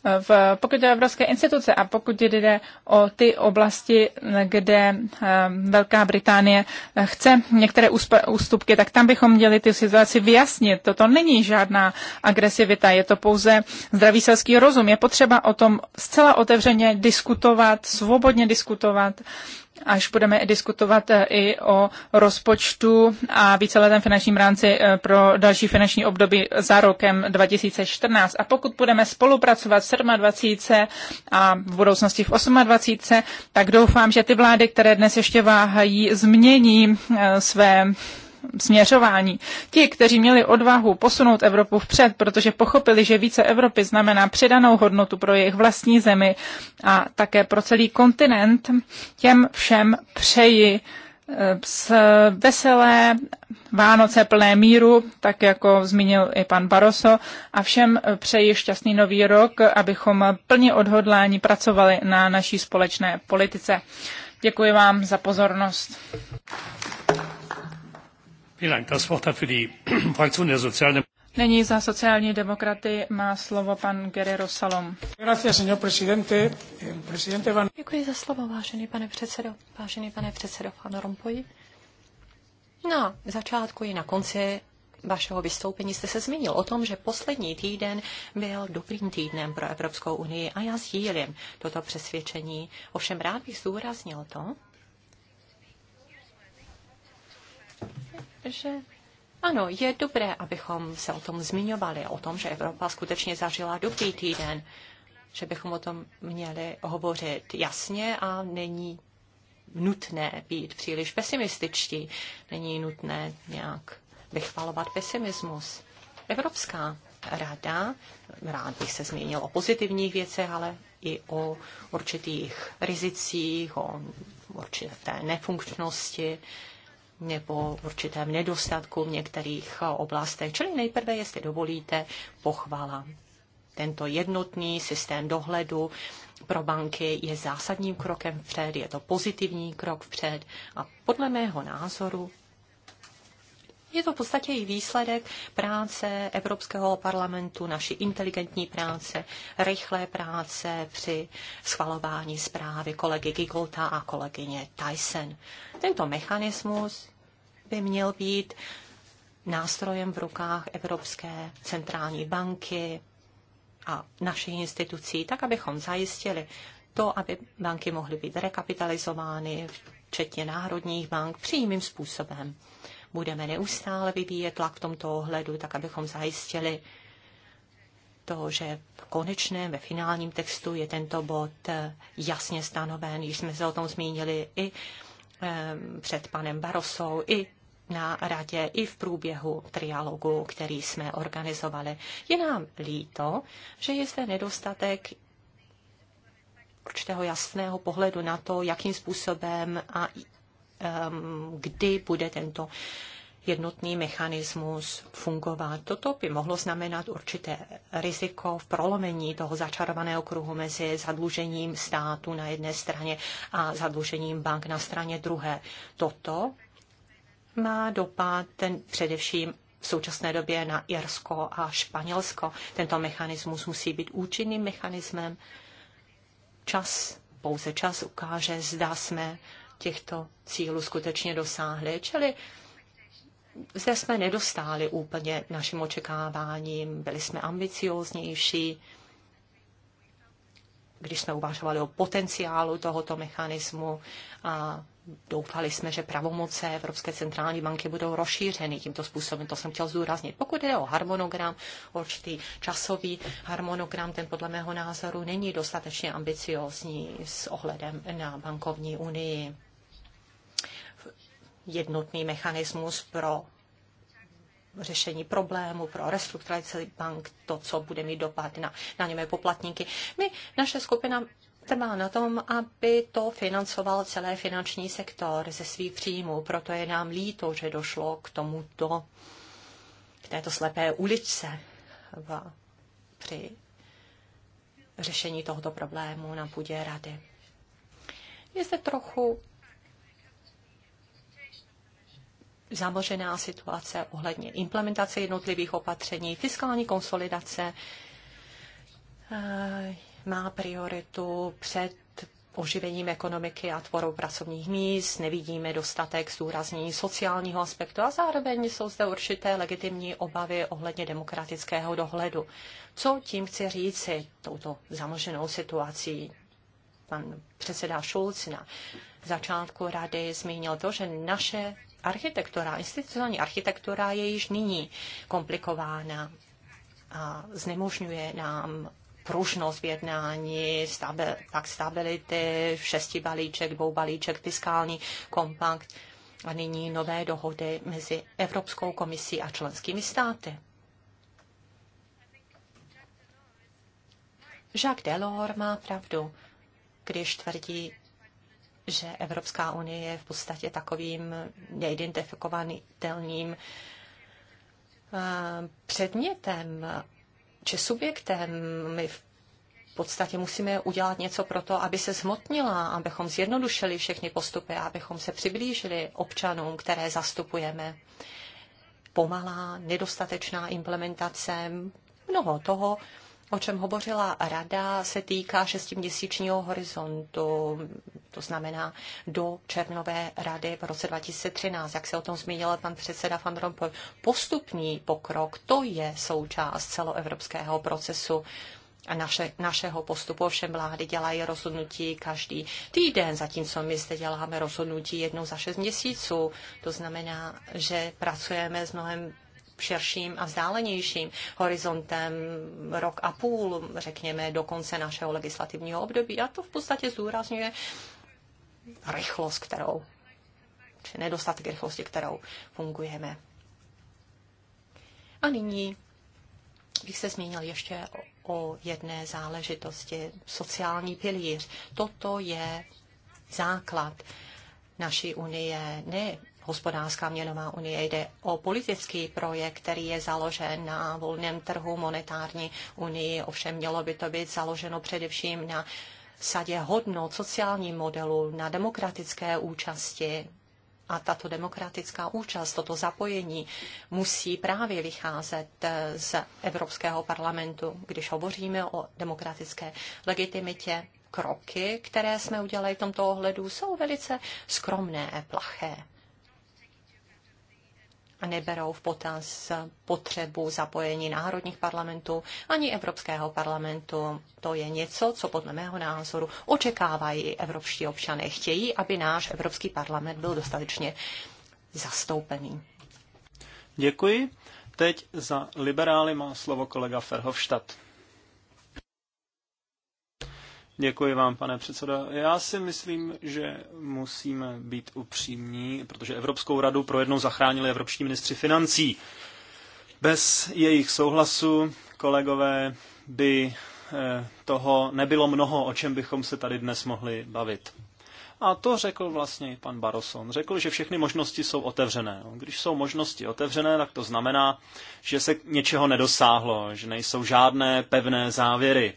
v, pokud jde o evropské instituce a pokud jde o ty oblasti, kde eh, Velká Británie eh, chce některé ústupky, tak tam bychom měli ty situaci vyjasnit. Toto není žádná agresivita, je to pouze zdravý selský rozum. Je potřeba o tom zcela otevřeně diskutovat, svobodně diskutovat až budeme diskutovat eh, i o rozpočtu a víceletém finančním rámci eh, pro další finanční období za rokem 2014. A pokud budeme spolupracovat v 27 a v budoucnosti v 28, tak doufám, že ty vlády, které dnes ještě váhají, změní eh, své směřování. Ti, kteří měli odvahu posunout Evropu vpřed, protože pochopili, že více Evropy znamená přidanou hodnotu pro jejich vlastní zemi a také pro celý kontinent, těm všem přeji eh, s veselé Vánoce plné míru, tak jako zmínil i pan Baroso, a všem přeji šťastný nový rok, abychom plně odhodlání pracovali na naší společné politice. Děkuji vám za pozornost. Nyní za sociální demokraty má slovo pan Guerrero Salom. Děkuji za slovo, vážený pane předsedo. Vážený pane předsedo Van Rompuy. Na začátku i na konci vašeho vystoupení jste se zmínil o tom, že poslední týden byl dobrým týdnem pro Evropskou unii a já sdílím toto přesvědčení. Ovšem rád bych zdůraznil to, že ano, je dobré, abychom se o tom zmiňovali, o tom, že Evropa skutečně zažila dobrý týden, že bychom o tom měli hovořit jasně a není nutné být příliš pesimističtí, není nutné nějak vychvalovat pesimismus. Evropská rada, rád bych se zmínil o pozitivních věcech, ale i o určitých rizicích, o určité nefunkčnosti nebo určitém nedostatku v některých oblastech. Čili nejprve, jestli dovolíte, pochvala. Tento jednotný systém dohledu pro banky je zásadním krokem vpřed, je to pozitivní krok vpřed a podle mého názoru je to v podstatě i výsledek práce Evropského parlamentu, naší inteligentní práce, rychlé práce při schvalování zprávy kolegy Gigolta a kolegyně Tyson. Tento mechanismus by měl být nástrojem v rukách Evropské centrální banky a našich institucí, tak abychom zajistili to, aby banky mohly být rekapitalizovány, včetně národních bank, přímým způsobem budeme neustále vyvíjet tlak v tomto ohledu, tak abychom zajistili to, že v konečném, ve finálním textu je tento bod eh, jasně stanoven. Již jsme se o tom zmínili i eh, před panem Barosou, i na radě i v průběhu trialogu, který jsme organizovali. Je nám líto, že je zde nedostatek určitého jasného pohledu na to, jakým způsobem a Um, kdy bude tento jednotný mechanismus fungovat. Toto by mohlo znamenat určité riziko v prolomení toho začarovaného kruhu mezi zadlužením státu na jedné straně a zadlužením bank na straně druhé. Toto má dopad ten především v současné době na Irsko a Španělsko. Tento mechanismus musí být účinným mechanismem. Čas, pouze čas ukáže, zda jsme těchto cílů skutečně dosáhli. Čili zde jsme nedostáli úplně našim očekáváním, byli jsme ambicióznější, když jsme uvažovali o potenciálu tohoto mechanismu a doufali jsme, že pravomoce Evropské centrální banky budou rozšířeny tímto způsobem. To jsem chtěl zdůraznit. Pokud jde o harmonogram, určitý časový harmonogram, ten podle mého názoru není dostatečně ambiciózní s ohledem na bankovní unii jednotný mechanismus pro řešení problému, pro restrukturalizaci bank, to, co bude mít dopad na daňové poplatníky. My, naše skupina trvá na tom, aby to financoval celé finanční sektor ze svých příjmů. Proto je nám líto, že došlo k tomuto, k této slepé uličce v, při řešení tohoto problému na půdě rady. Je zde trochu zamořená situace ohledně implementace jednotlivých opatření, fiskální konsolidace eh, má prioritu před oživením ekonomiky a tvorou pracovních míst, nevidíme dostatek zdůraznění sociálního aspektu a zároveň jsou zde určité legitimní obavy ohledně demokratického dohledu. Co tím chci říci touto zamoženou situací? Pan předseda Šulc na začátku rady zmínil to, že naše architektura, institucionální architektura je již nyní komplikována a znemožňuje nám pružnost v jednání, stabil, pak stability, šesti balíček, dvou balíček, fiskální kompakt a nyní nové dohody mezi Evropskou komisí a členskými státy. Jacques Delors má pravdu, když tvrdí, že Evropská unie je v podstatě takovým neidentifikovatelným eh, předmětem či subjektem. My v podstatě musíme udělat něco pro to, aby se zhmotnila, abychom zjednodušili všechny postupy, abychom se přiblížili občanům, které zastupujeme. Pomalá, nedostatečná implementace, mnoho toho, o čem hovořila rada, se týká šestiměsíčního horizontu, to znamená do červnové rady v roce 2013. Jak se o tom zmínil pan předseda Van Rompuy, postupný pokrok, to je součást celoevropského procesu a naše, našeho postupu. Všem vlády dělají rozhodnutí každý týden, zatímco my zde děláme rozhodnutí jednou za šest měsíců. To znamená, že pracujeme s mnohem širším a vzdálenějším horizontem rok a půl, řekněme, do konce našeho legislativního období. A to v podstatě zdůrazňuje rychlost, kterou, či nedostatek rychlosti, kterou fungujeme. A nyní bych se zmínil ještě o, o jedné záležitosti, sociální pilíř. Toto je základ naší unie, ne hospodářská měnová unie. Jde o politický projekt, který je založen na volném trhu monetární unii, ovšem mělo by to být založeno především na sadě hodnot sociálním modelu, na demokratické účasti. A tato demokratická účast, toto zapojení musí právě vycházet z Evropského parlamentu, když hovoříme o demokratické legitimitě kroky, které jsme udělali v tomto ohledu, jsou velice skromné, plaché neberou v potaz potřebu zapojení národních parlamentů ani Evropského parlamentu. To je něco, co podle mého názoru očekávají evropští občané. Chtějí, aby náš Evropský parlament byl dostatečně zastoupený. Děkuji. Teď za liberály má slovo kolega Ferhofstadt. Děkuji vám, pane předsedo. Já si myslím, že musíme být upřímní, protože Evropskou radu projednou zachránili evropští ministři financí. Bez jejich souhlasu, kolegové, by eh, toho nebylo mnoho, o čem bychom se tady dnes mohli bavit. A to řekl vlastně i pan Baroson. Řekl, že všechny možnosti jsou otevřené. No, když jsou možnosti otevřené, tak to znamená, že se něčeho nedosáhlo, že nejsou žádné pevné závěry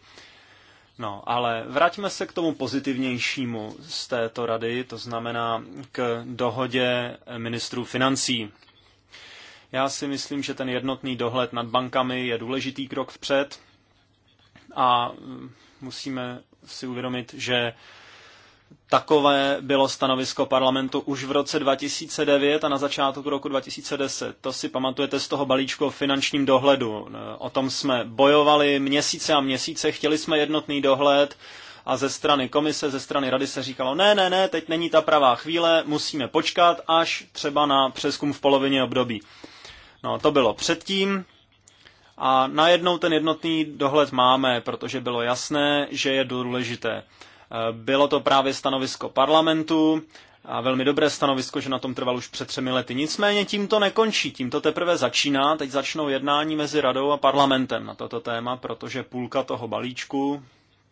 No, ale vraťme se k tomu pozitivnějšímu z této rady, to znamená k dohodě ministrů financí. Já si myslím, že ten jednotný dohled nad bankami je důležitý krok vpřed a mm, musíme si uvědomit, že Takové bylo stanovisko parlamentu už v roce 2009 a na začátku roku 2010. To si pamatujete z toho balíčku o finančním dohledu. O tom jsme bojovali měsíce a měsíce, chtěli jsme jednotný dohled a ze strany komise, ze strany rady se říkalo, ne, ne, ne, teď není ta pravá chvíle, musíme počkat až třeba na přeskum v polovině období. No, to bylo předtím, a najednou ten jednotný dohled máme, protože bylo jasné, že je důležité. Eh, bylo to právě stanovisko parlamentu a velmi dobré stanovisko, že na tom trval už před třemi lety. Nicméně tím to nekončí, tím to teprve začíná. Teď začnou jednání mezi radou a parlamentem na toto téma, protože půlka toho balíčku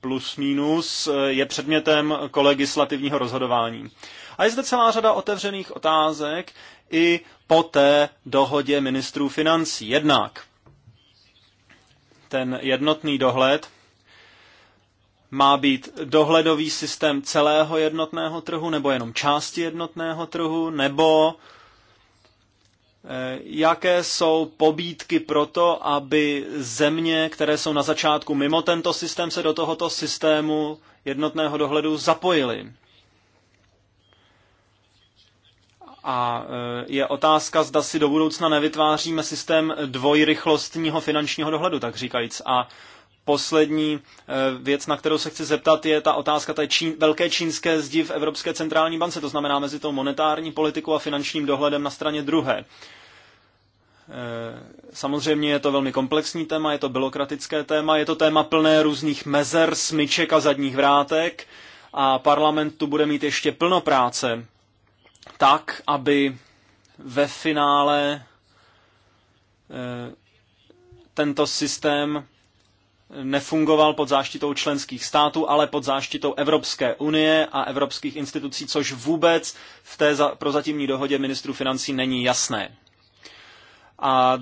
plus minus eh, je předmětem kolegislativního rozhodování. A je zde celá řada otevřených otázek i po té dohodě ministrů financí. Jednak ten jednotný dohled má být dohledový systém celého jednotného trhu nebo jenom části jednotného trhu nebo eh, Jaké jsou pobídky pro to, aby země, které jsou na začátku mimo tento systém, se do tohoto systému jednotného dohledu zapojily? A eh, je otázka, zda si do budoucna nevytváříme systém dvojrychlostního finančního dohledu, tak říkajíc. A poslední eh, věc, na kterou se chci zeptat, je ta otázka té čín, velké čínské zdi v Evropské centrální bance, to znamená mezi tou monetární politikou a finančním dohledem na straně druhé. Eh, samozřejmě je to velmi komplexní téma, je to byrokratické téma, je to téma plné různých mezer, smyček a zadních vrátek a parlament tu bude mít ještě plno práce, tak, aby ve finále eh, tento systém nefungoval pod záštitou členských států, ale pod záštitou Evropské unie a evropských institucí, což vůbec v té prozatímní dohodě ministrů financí není jasné. A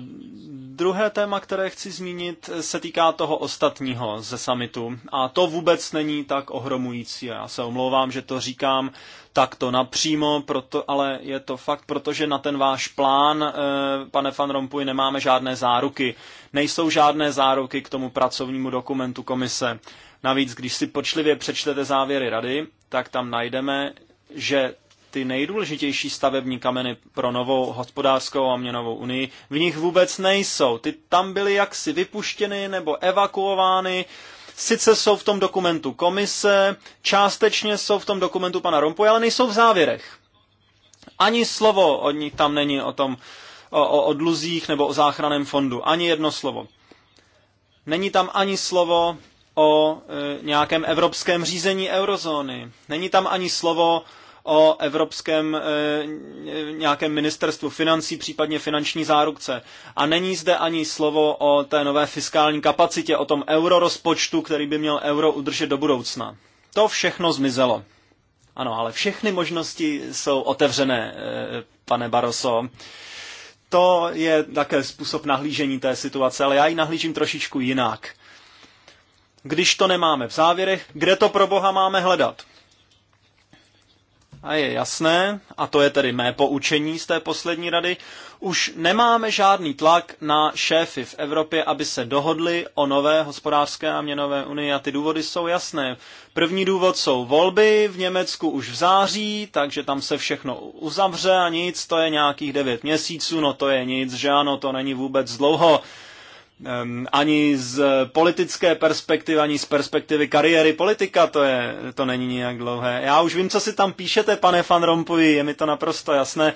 druhé téma, které chci zmínit, se týká toho ostatního ze samitu. A to vůbec není tak ohromující. Já se omlouvám, že to říkám takto napřímo, proto, ale je to fakt, protože na ten váš plán, eh, pane Van Rompuy, nemáme žádné záruky. Nejsou žádné záruky k tomu pracovnímu dokumentu komise. Navíc, když si počlivě přečtete závěry rady, tak tam najdeme, že ty nejdůležitější stavební kameny pro novou hospodářskou a měnovou unii v nich vůbec nejsou. Ty tam byly jaksi vypuštěny nebo evakuovány. Sice jsou v tom dokumentu komise, částečně jsou v tom dokumentu pana Rompuy, ale nejsou v závěrech. Ani slovo od nich tam není o tom, o, o, o dluzích nebo o záchraném fondu. Ani jedno slovo. Není tam ani slovo o e, nějakém evropském řízení eurozóny. Není tam ani slovo o evropském eh, nějakém ministerstvu financí, případně finanční zárukce. A není zde ani slovo o té nové fiskální kapacitě, o tom eurorozpočtu, který by měl euro udržet do budoucna. To všechno zmizelo. Ano, ale všechny možnosti jsou otevřené, eh, pane Baroso. To je také způsob nahlížení té situace, ale já ji nahlížím trošičku jinak. Když to nemáme v závěrech, kde to pro boha máme hledat? A je jasné, a to je tedy mé poučení z té poslední rady, už nemáme žádný tlak na šéfy v Evropě, aby se dohodli o nové hospodářské a měnové unii a ty důvody jsou jasné. První důvod jsou volby v Německu už v září, takže tam se všechno uzavře a nic, to je nějakých devět měsíců, no to je nic, že ano, to není vůbec dlouho. Ehm, ani z politické perspektivy, ani z perspektivy kariéry politika, to, je, to není nijak dlouhé. Já už vím, co si tam píšete, pane Van Rompuy, je mi to naprosto jasné.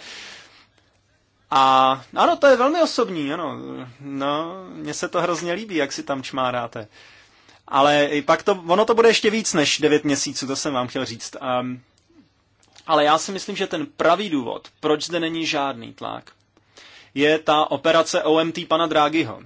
A ano, to je velmi osobní, ano. No, mně se to hrozně líbí, jak si tam čmáráte. Ale i pak to, ono to bude ještě víc než 9 měsíců, to jsem vám chtěl říct. Um, ale já si myslím, že ten pravý důvod, proč zde není žádný tlak, je ta operace OMT pana Drágyho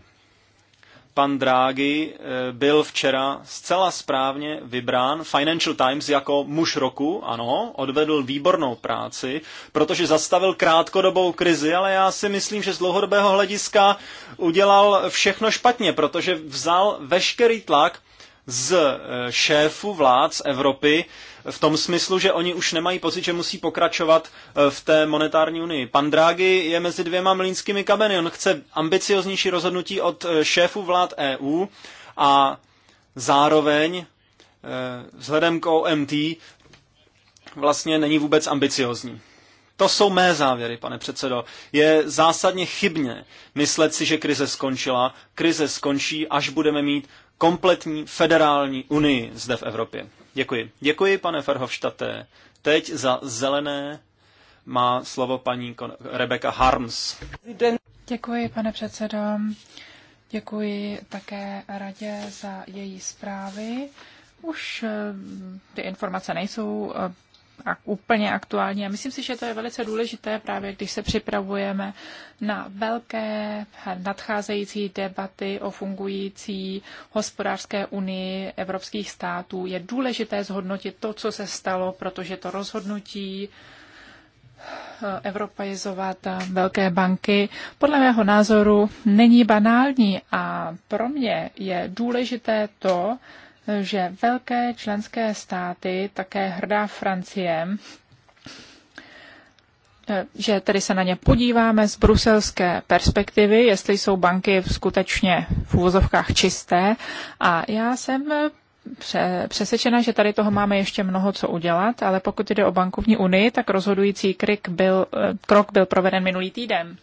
pan Draghi eh, byl včera zcela správně vybrán Financial Times jako muž roku, ano, odvedl výbornou práci, protože zastavil krátkodobou krizi, ale já si myslím, že z dlouhodobého hlediska udělal všechno špatně, protože vzal veškerý tlak z eh, šéfů vlád z Evropy v tom smyslu, že oni už nemají pocit, že musí pokračovat eh, v té monetární unii. Pan Draghi je mezi dvěma mlínskými kameny. On chce ambicioznější rozhodnutí od eh, šéfů vlád EU a zároveň vzhledem k OMT vlastně není vůbec ambiciozní. To jsou mé závěry, pane předsedo. Je zásadně chybně myslet si, že krize skončila. Krize skončí, až budeme mít kompletní federální unii zde v Evropě. Děkuji. Děkuji, pane Ferhovštaté. Teď za zelené má slovo paní Rebecca Harms. Děkuji, pane předsedo. Děkuji také radě za její zprávy. Už eh, ty informace nejsou eh, úplně aktuální. A myslím si, že to je velice důležité právě, když se připravujeme na velké nadcházející debaty o fungující hospodářské unii evropských států. Je důležité zhodnotit to, co se stalo, protože to rozhodnutí eh, evropaizovat eh, velké banky, podle mého názoru není banální a pro mě je důležité to, že velké členské státy, také hrdá Francie, eh, že tedy se na ně podíváme z bruselské perspektivy, jestli jsou banky skutečně v úvozovkách čisté. A já jsem eh, přesvědčena, že tady toho máme ještě mnoho co udělat, ale pokud jde o bankovní unii, tak rozhodující krik byl, eh, krok byl proveden minulý týden.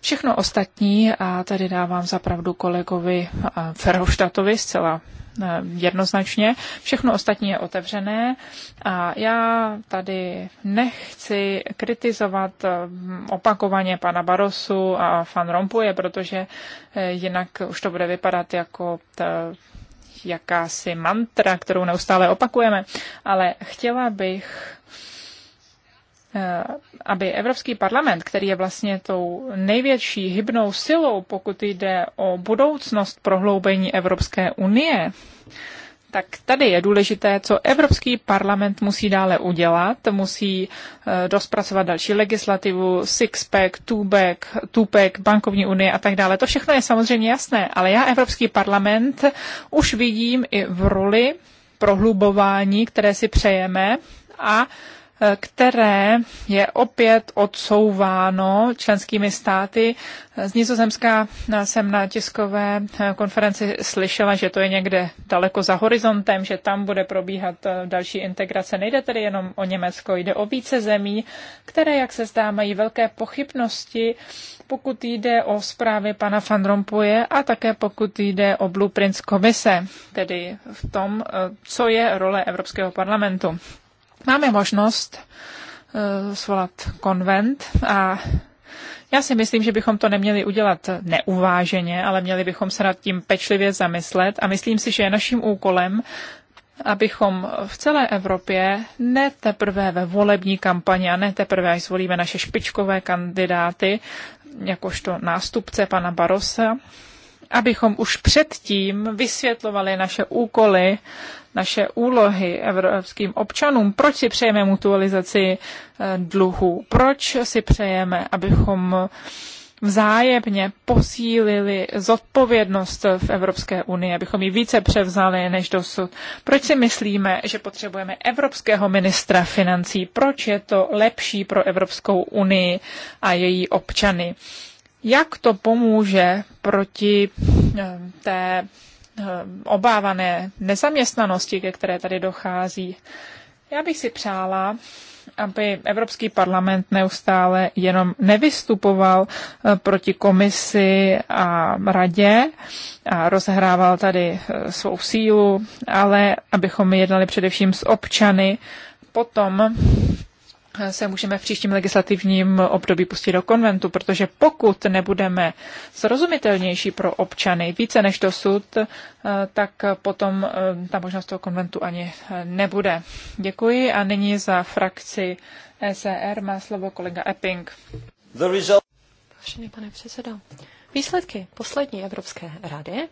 Všechno ostatní, a tady dávám zapravdu kolegovi Ferhoštatovi zcela Eh, jednoznačně. Všechno ostatní je otevřené a já tady nechci kritizovat eh, opakovaně pana Barosu a fan Rompuje, protože eh, jinak už to bude vypadat jako ta jakási mantra, kterou neustále opakujeme, ale chtěla bych Eh, aby Evropský parlament, který je vlastně tou největší hybnou silou, pokud jde o budoucnost prohloubení Evropské unie, tak tady je důležité, co Evropský parlament musí dále udělat. Musí eh, dospracovat další legislativu, six-pack, two-pack, two-pack, bankovní unie a tak dále. To všechno je samozřejmě jasné, ale já Evropský parlament už vidím i v roli prohlubování, které si přejeme a které je opět odsouváno členskými státy. Z Nizozemska jsem na tiskové eh, konferenci slyšela, že to je někde daleko za horizontem, že tam bude probíhat eh, další integrace. Nejde tedy jenom o Německo, jde o více zemí, které, jak se zdá, mají velké pochybnosti, pokud jde o zprávy pana Van Rompuje a také pokud jde o blueprints komise, tedy v tom, eh, co je role Evropského parlamentu. Máme možnost eh, svolat konvent a já si myslím, že bychom to neměli udělat neuváženě, ale měli bychom se nad tím pečlivě zamyslet a myslím si, že je naším úkolem, abychom v celé Evropě ne teprve ve volební kampani a ne teprve, až zvolíme naše špičkové kandidáty, jakožto nástupce pana Barosa, abychom už předtím vysvětlovali naše úkoly, naše úlohy evropským občanům, proč si přejeme mutualizaci eh, dluhu? proč si přejeme, abychom vzájemně posílili zodpovědnost v Evropské unii, abychom ji více převzali než dosud. Proč si myslíme, že potřebujeme evropského ministra financí? Proč je to lepší pro Evropskou unii a její občany? Jak to pomůže proti eh, té eh, obávané nezaměstnanosti, ke které tady dochází? Já bych si přála, aby Evropský parlament neustále jenom nevystupoval eh, proti komisi a radě a rozhrával tady svou sílu, ale abychom jednali především s občany, potom se můžeme v příštím legislativním období pustit do konventu, protože pokud nebudeme srozumitelnější pro občany více než dosud, eh, tak potom eh, ta možnost toho konventu ani eh, nebude. Děkuji a nyní za frakci ECR má slovo kolega Epping. Vážený pane předsedo, výsledky poslední Evropské rady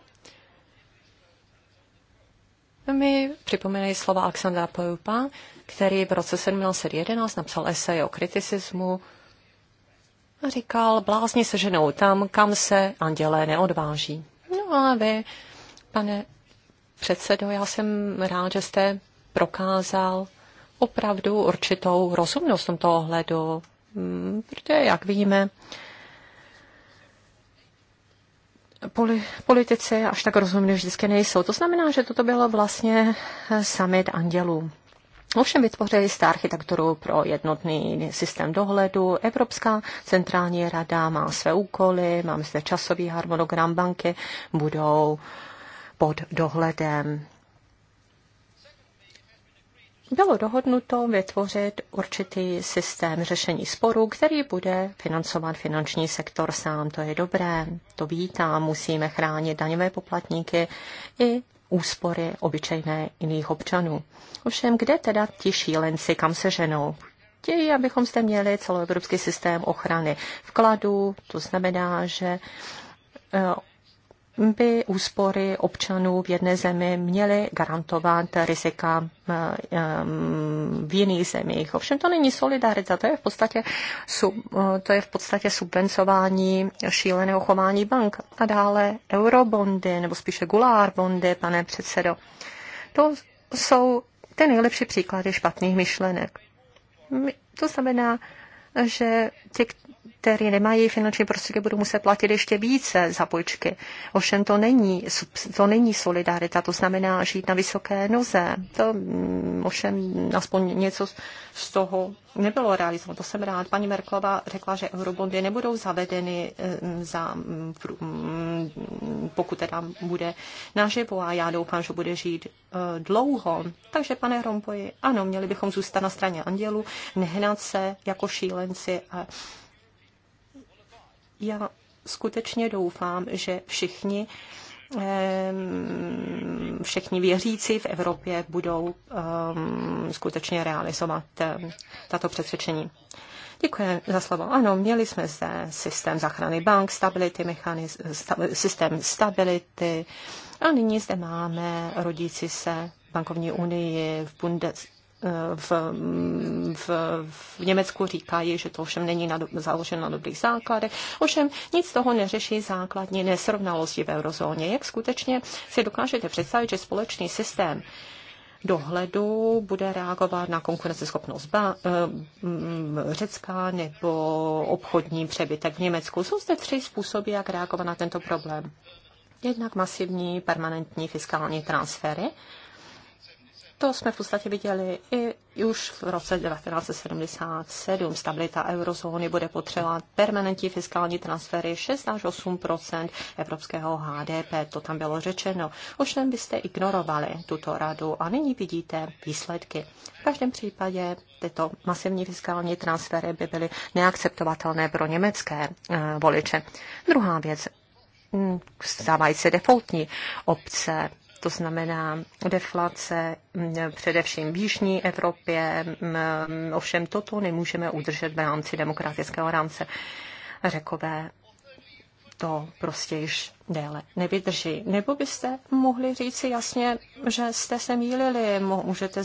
mi připomínají slova Alexandra Poupa, který v roce 1711 napsal esej o kriticismu a říkal, blázni se ženou tam, kam se andělé neodváží. No a vy, pane předsedo, já jsem rád, že jste prokázal opravdu určitou rozumnost v tomto ohledu, mm, protože, jak víme, politici až tak rozumně vždycky nejsou. To znamená, že toto bylo vlastně eh, summit andělů. Ovšem vytvořili jste architekturu pro jednotný systém dohledu. Evropská centrální rada má své úkoly, máme zde časový harmonogram banky, budou pod dohledem bylo dohodnuto vytvořit určitý systém řešení sporů, který bude financovat finanční sektor sám. To je dobré, to vítám, musíme chránit daňové poplatníky i úspory obyčejné jiných občanů. Ovšem, kde teda ti šílenci, kam se ženou? Chtějí, abychom zde měli celoevropský systém ochrany vkladů, to znamená, že eh, by úspory občanů v jedné zemi měly garantovat rizika eh, eh, v jiných zemích. Ovšem to není solidarita, to je v podstatě, eh, to je v podstatě subvencování šíleného chování bank. A dále eurobondy, nebo spíše gulár bondy, pane předsedo. To jsou ty nejlepší příklady špatných myšlenek. To znamená, že ti, kteří nemají finanční prostředky, budou muset platit ještě více za půjčky. Ovšem to není, to není solidarita, to znamená žít na vysoké noze. To mm, ovšem aspoň něco z toho nebylo realizováno. To jsem rád. Paní Merklova řekla, že eurobondy nebudou zavedeny, mm, za, mm, pokud teda bude naživo a já doufám, že bude žít e, dlouho. Takže, pane Rompoji, ano, měli bychom zůstat na straně andělu, nehnat se jako šílenci a já skutečně doufám, že všichni všichni věřící v Evropě budou skutečně realizovat tato přesvědčení. Děkuji za slovo. Ano, měli jsme zde systém zachrany bank, stability, mechaniz, sta, systém stability a nyní zde máme rodící se bankovní unii v Bundes, v, v, v Německu říkají, že to ovšem není na do, založeno na dobrých základech. Ovšem nic z toho neřeší základní nesrovnalosti v eurozóně. Jak skutečně si dokážete představit, že společný systém dohledu bude reagovat na konkurenceschopnost ba- eh, Řecka nebo obchodní přebytek v Německu. Jsou zde tři způsoby, jak reagovat na tento problém. Jednak masivní permanentní fiskální transfery, to jsme v podstatě viděli i už v roce 1977. Stabilita eurozóny bude potřebovat permanentní fiskální transfery 6 až 8 evropského HDP. To tam bylo řečeno. jen byste ignorovali tuto radu a nyní vidíte výsledky. V každém případě tyto masivní fiskální transfery by byly neakceptovatelné pro německé eh, voliče. Druhá věc hm, stávají se defaultní obce, to znamená deflace především v Jižní Evropě. Ovšem toto nemůžeme udržet v rámci demokratického rámce. Řekové to prostě již déle nevydrží. Nebo byste mohli říci jasně, že jste se mýlili, můžete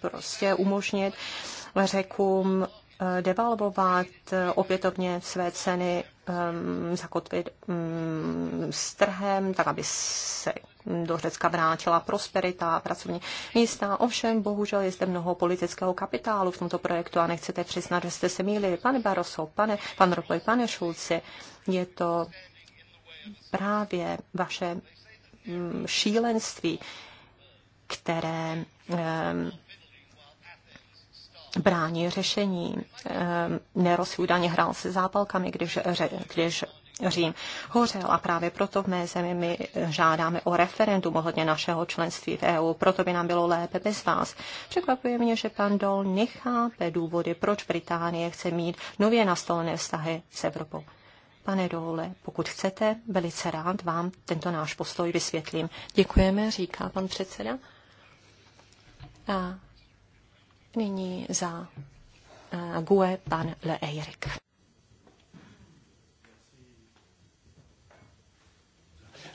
prostě umožnit řekům eh, devalvovat eh, opětovně své ceny Um, zakotvit um, s trhem, tak aby se do Řecka vrátila prosperita, pracovní místa. Ovšem, bohužel je zde mnoho politického kapitálu v tomto projektu a nechcete přiznat, že jste se mýlili. Pane Baroso, pane, pan Ropoj, pane Šulci, je to právě vaše mm, šílenství, které um, brání řešení. Eh, si údajně hrál se zápalkami, když, když Řím hořel a právě proto v mé zemi my žádáme o referendum ohledně našeho členství v EU, proto by nám bylo lépe bez vás. Překvapuje mě, že pan Dol nechápe důvody, proč Británie chce mít nově nastolené vztahy s Evropou. Pane Dole, pokud chcete, velice rád vám tento náš postoj vysvětlím. Děkujeme, říká pan předseda. A Nyní za uh, GUE pan Le Eirik.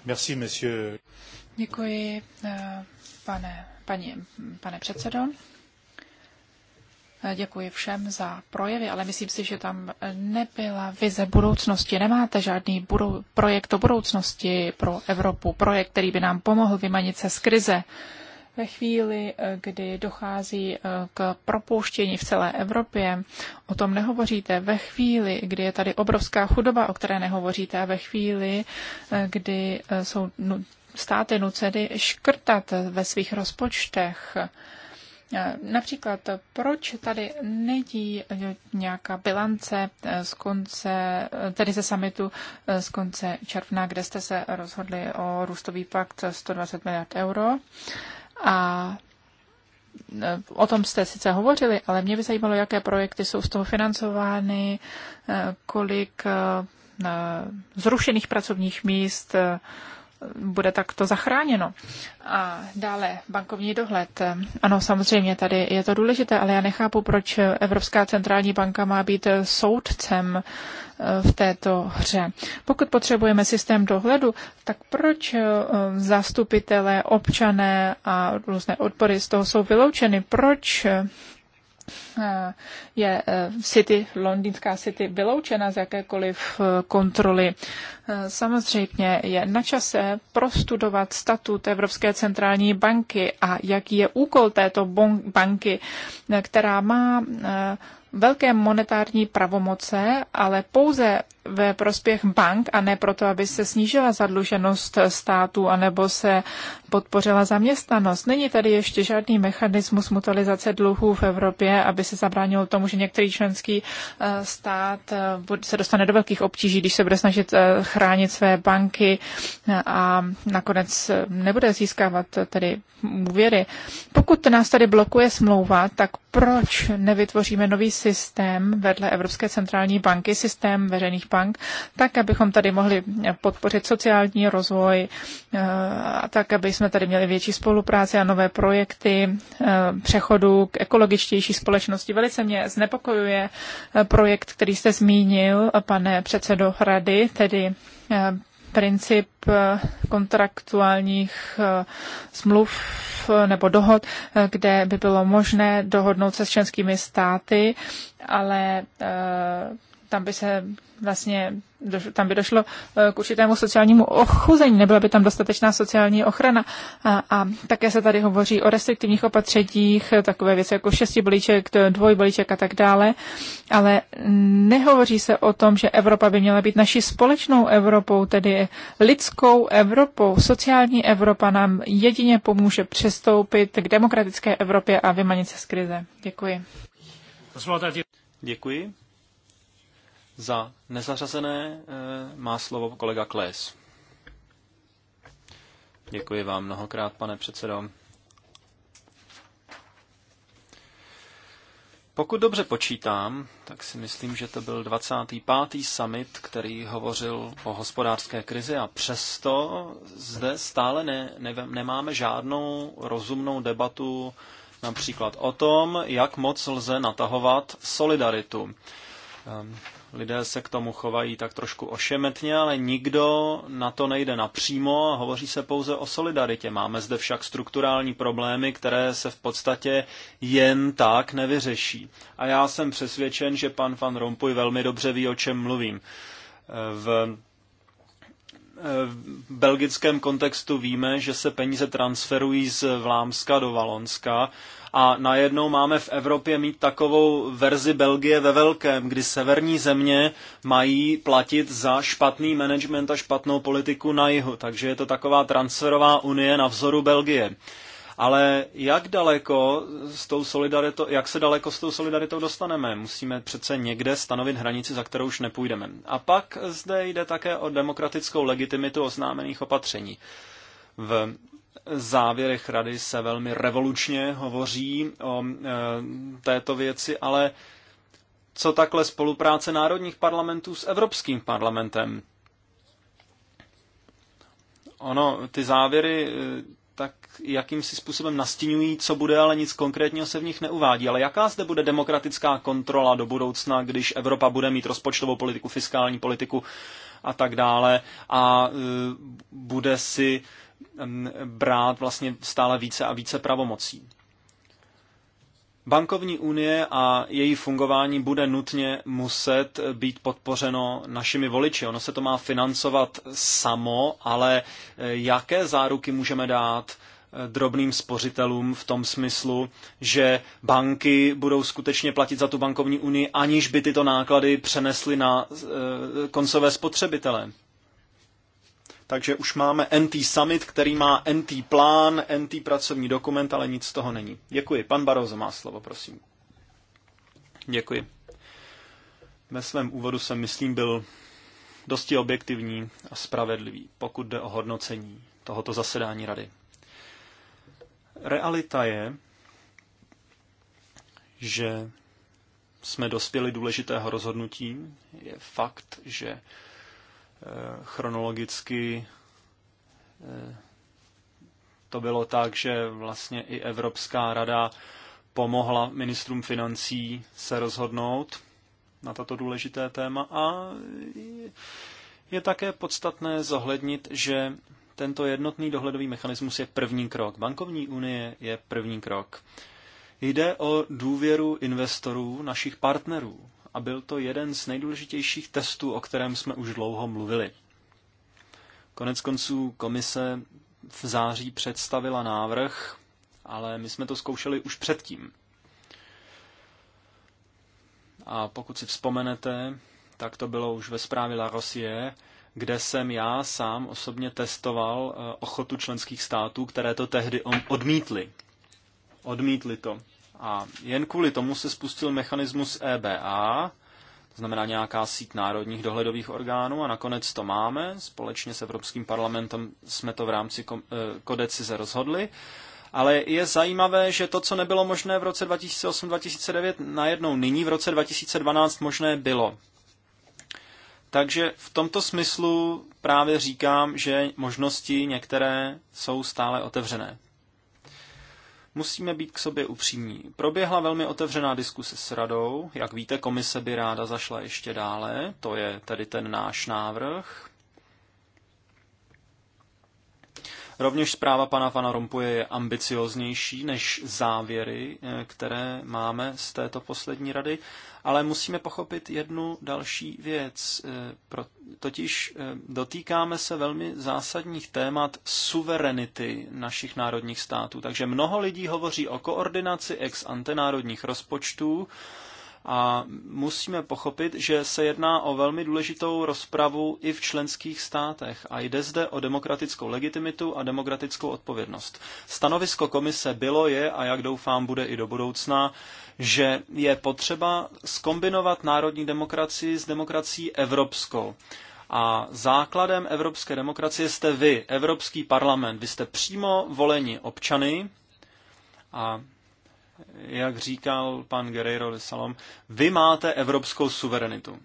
Merci, monsieur. Děkuji, eh, pane, paní, pane předsedo. Eh, děkuji všem za projevy, ale myslím si, že tam nebyla vize budoucnosti. Nemáte žádný budou, projekt o budoucnosti pro Evropu, projekt, který by nám pomohl vymanit se z krize. Uh, ve chvíli, eh, kdy dochází eh, k propouštění v celé Evropě, o tom nehovoříte. Ve chvíli, kdy je tady obrovská chudoba, o které nehovoříte, a ve chvíli, eh, kdy jsou státy nuceny škrtat ve svých rozpočtech, Například, proč tady není nějaká bilance z konce, tedy ze samitu z konce června, kde jste se rozhodli o růstový pakt 120 miliard euro? A e, o tom jste sice hovořili, ale mě by zajímalo, jaké projekty jsou z toho financovány, e, kolik e, zrušených pracovních míst bude takto zachráněno. A dále bankovní dohled. Ano, samozřejmě tady je to důležité, ale já nechápu, proč Evropská centrální banka má být soudcem eh, v této hře. Pokud potřebujeme systém dohledu, tak proč eh, zastupitelé, občané a různé odpory z toho jsou vyloučeny? Proč eh, Eh, je eh, city, londýnská city vyloučena z jakékoliv eh, kontroly. Samozřejmě je na čase prostudovat statut Evropské centrální banky a jaký je úkol této banky, která má velké monetární pravomoce, ale pouze ve prospěch bank a ne proto, aby se snížila zadluženost státu anebo se podpořila zaměstnanost. Není tady ještě žádný mechanismus mutualizace dluhů v Evropě, aby se zabránilo tomu, že některý členský eh, stát eh, se dostane do velkých obtíží, když se bude snažit eh, chránit své banky a nakonec nebude získávat tedy úvěry. Pokud nás tady blokuje smlouva, tak proč nevytvoříme nový systém vedle Evropské centrální banky, systém veřejných Bank, tak abychom tady mohli podpořit sociální rozvoj, eh, a tak aby jsme tady měli větší spolupráci a nové projekty eh, přechodu k ekologičtější společnosti. Velice mě znepokojuje eh, projekt, který jste zmínil, pane předsedo rady, tedy princip kontraktuálních smluv nebo dohod, kde by bylo možné dohodnout se s členskými státy, ale tam by se vlastně, tam by došlo eh, k určitému sociálnímu ochuzení, nebyla by tam dostatečná sociální ochrana. A, a také se tady hovoří o restriktivních opatřeních, eh, takové věci jako šesti balíček, dvoj balíček a tak dále, ale nehovoří se o tom, že Evropa by měla být naší společnou Evropou, tedy lidskou Evropou. Sociální Evropa nám jedině pomůže přestoupit k demokratické Evropě a vymanit se z krize. Děkuji. Děkuji. Za nezařazené eh, má slovo kolega Kles. Děkuji vám mnohokrát, pane předsedo. Pokud dobře počítám, tak si myslím, že to byl 25. summit, který hovořil o hospodářské krizi a přesto zde stále ne, ne, nemáme žádnou rozumnou debatu například o tom, jak moc lze natahovat solidaritu. Ehm, lidé se k tomu chovají tak trošku ošemetně, ale nikdo na to nejde napřímo a hovoří se pouze o solidaritě. Máme zde však strukturální problémy, které se v podstatě jen tak nevyřeší. A já jsem přesvědčen, že pan Van Rompuy velmi dobře ví, o čem mluvím. V v belgickém kontextu víme, že se peníze transferují z Vlámska do Valonska a najednou máme v Evropě mít takovou verzi Belgie ve velkém, kdy severní země mají platit za špatný management a špatnou politiku na jihu. Takže je to taková transferová unie na vzoru Belgie. Ale jak daleko s tou solidaritou, jak se daleko s tou solidaritou dostaneme? Musíme přece někde stanovit hranici, za kterou už nepůjdeme. A pak zde jde také o demokratickou legitimitu oznámených opatření. V závěrech rady se velmi revolučně hovoří o e, této věci, ale co takhle spolupráce národních parlamentů s Evropským parlamentem? Ono, ty závěry e, tak jakýmsi způsobem nastínují, co bude, ale nic konkrétního se v nich neuvádí. Ale jaká zde bude demokratická kontrola do budoucna, když Evropa bude mít rozpočtovou politiku, fiskální politiku a tak dále a e, bude si brát vlastně stále více a více pravomocí? Bankovní unie a její fungování bude nutně muset být podpořeno našimi voliči. Ono se to má financovat samo, ale eh, jaké záruky můžeme dát eh, drobným spořitelům v tom smyslu, že banky budou skutečně platit za tu bankovní unii, aniž by tyto náklady přenesly na eh, koncové spotřebitele? takže už máme NT Summit, který má NT plán, NT pracovní dokument, ale nic z toho není. Děkuji. Pan Barozo má slovo, prosím. Děkuji. Ve svém úvodu jsem, myslím, byl dosti objektivní a spravedlivý, pokud jde o hodnocení tohoto zasedání rady. Realita je, že jsme dospěli důležitého rozhodnutí. Je fakt, že Eh, chronologicky eh, to bylo tak, že vlastně i Evropská rada pomohla ministrům financí se rozhodnout na tato důležité téma a je také podstatné zohlednit, že tento jednotný dohledový mechanismus je první krok. Bankovní unie je první krok. Jde o důvěru investorů, našich partnerů a byl to jeden z nejdůležitějších testů, o kterém jsme už dlouho mluvili. Konec konců komise v září představila návrh, ale my jsme to zkoušeli už předtím. A pokud si vzpomenete, tak to bylo už ve zprávě La Rosie, kde jsem já sám osobně testoval eh, ochotu členských států, které to tehdy odmítly. Odmítli to. A jen kvůli tomu se spustil mechanismus EBA, to znamená nějaká síť národních dohledových orgánů a nakonec to máme. Společně s Evropským parlamentem jsme to v rámci e, kodecize rozhodli. Ale je zajímavé, že to, co nebylo možné v roce 2008-2009, najednou nyní v roce 2012 možné bylo. Takže v tomto smyslu právě říkám, že možnosti některé jsou stále otevřené. Musíme být k sobě upřímní. Proběhla velmi otevřená diskuse s radou. Jak víte, komise by ráda zašla ještě dále. To je tedy ten náš návrh. Rovněž zpráva pana Fana Rompuje je ambicioznější než závěry, eh, které máme z této poslední rady ale musíme pochopit jednu další věc. Eh, totiž eh, dotýkáme se velmi zásadních témat suverenity našich národních států. Takže mnoho lidí hovoří o koordinaci ex ante národních rozpočtů, a musíme pochopit, že se jedná o velmi důležitou rozpravu i v členských státech a jde zde o demokratickou legitimitu a demokratickou odpovědnost. Stanovisko komise bylo, je a jak doufám bude i do budoucna že je potřeba skombinovat národní demokracii s demokracií evropskou. A základem evropské demokracie jste vy, Evropský parlament. Vy jste přímo voleni občany a jak říkal pan Guerreiro de Salom, vy máte evropskou suverenitu.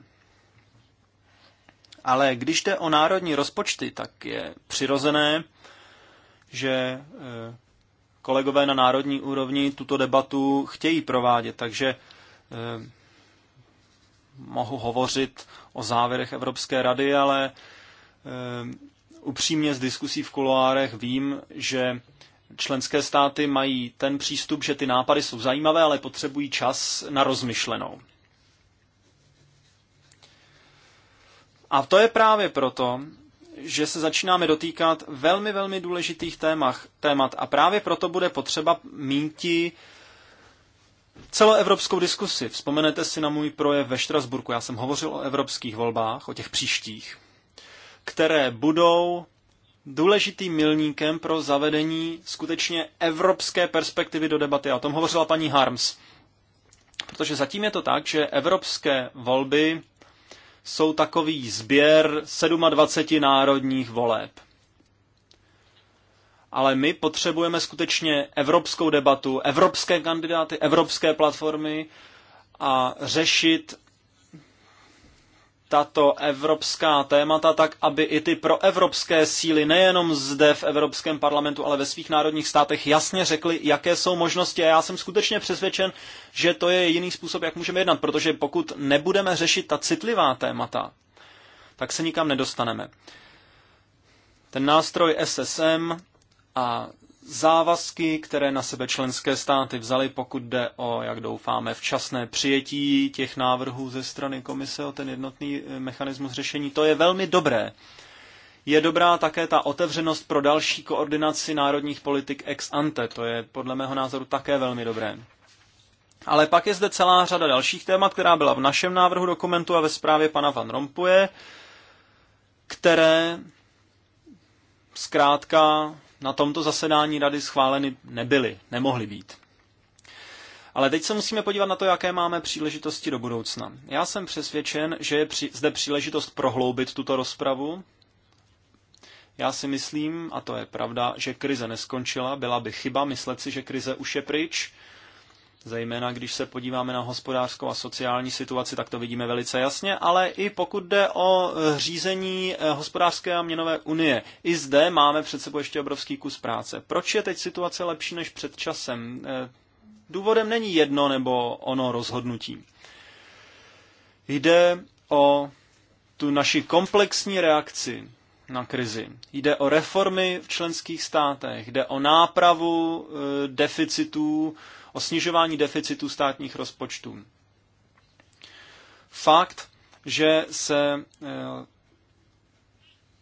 Ale když jde o národní rozpočty, tak je přirozené, že eh, kolegové na národní úrovni tuto debatu chtějí provádět, takže eh, mohu hovořit o závěrech Evropské rady, ale eh, upřímně z diskusí v kuloárech vím, že členské státy mají ten přístup, že ty nápady jsou zajímavé, ale potřebují čas na rozmyšlenou. A to je právě proto, že se začínáme dotýkat velmi, velmi důležitých témach, témat a právě proto bude potřeba míti celoevropskou diskusi. Vzpomenete si na můj projev ve Štrasburku. Já jsem hovořil o evropských volbách, o těch příštích, které budou důležitým milníkem pro zavedení skutečně evropské perspektivy do debaty. O tom hovořila paní Harms. Protože zatím je to tak, že evropské volby jsou takový sběr 27 národních voleb. Ale my potřebujeme skutečně evropskou debatu, evropské kandidáty, evropské platformy a řešit tato evropská témata tak, aby i ty proevropské síly nejenom zde v Evropském parlamentu, ale ve svých národních státech jasně řekly, jaké jsou možnosti. A já jsem skutečně přesvědčen, že to je jiný způsob, jak můžeme jednat, protože pokud nebudeme řešit ta citlivá témata, tak se nikam nedostaneme. Ten nástroj SSM a závazky, které na sebe členské státy vzaly, pokud jde o, jak doufáme, včasné přijetí těch návrhů ze strany komise o ten jednotný eh, mechanismus řešení. To je velmi dobré. Je dobrá také ta otevřenost pro další koordinaci národních politik ex ante. To je podle mého názoru také velmi dobré. Ale pak je zde celá řada dalších témat, která byla v našem návrhu dokumentu a ve zprávě pana Van Rompuje, které zkrátka na tomto zasedání rady schváleny nebyly, nemohly být. Ale teď se musíme podívat na to, jaké máme příležitosti do budoucna. Já jsem přesvědčen, že je při, zde příležitost prohloubit tuto rozpravu. Já si myslím, a to je pravda, že krize neskončila, byla by chyba myslet si, že krize už je pryč. Zejména když se podíváme na hospodářskou a sociální situaci, tak to vidíme velice jasně, ale i pokud jde o e, řízení e, hospodářské a měnové unie. I zde máme před sebou ještě obrovský kus práce. Proč je teď situace lepší než před časem? E, důvodem není jedno nebo ono rozhodnutí. Jde o tu naši komplexní reakci na krizi. Jde o reformy v členských státech, jde o nápravu deficitů o snižování deficitu státních rozpočtů. Fakt, že se eh,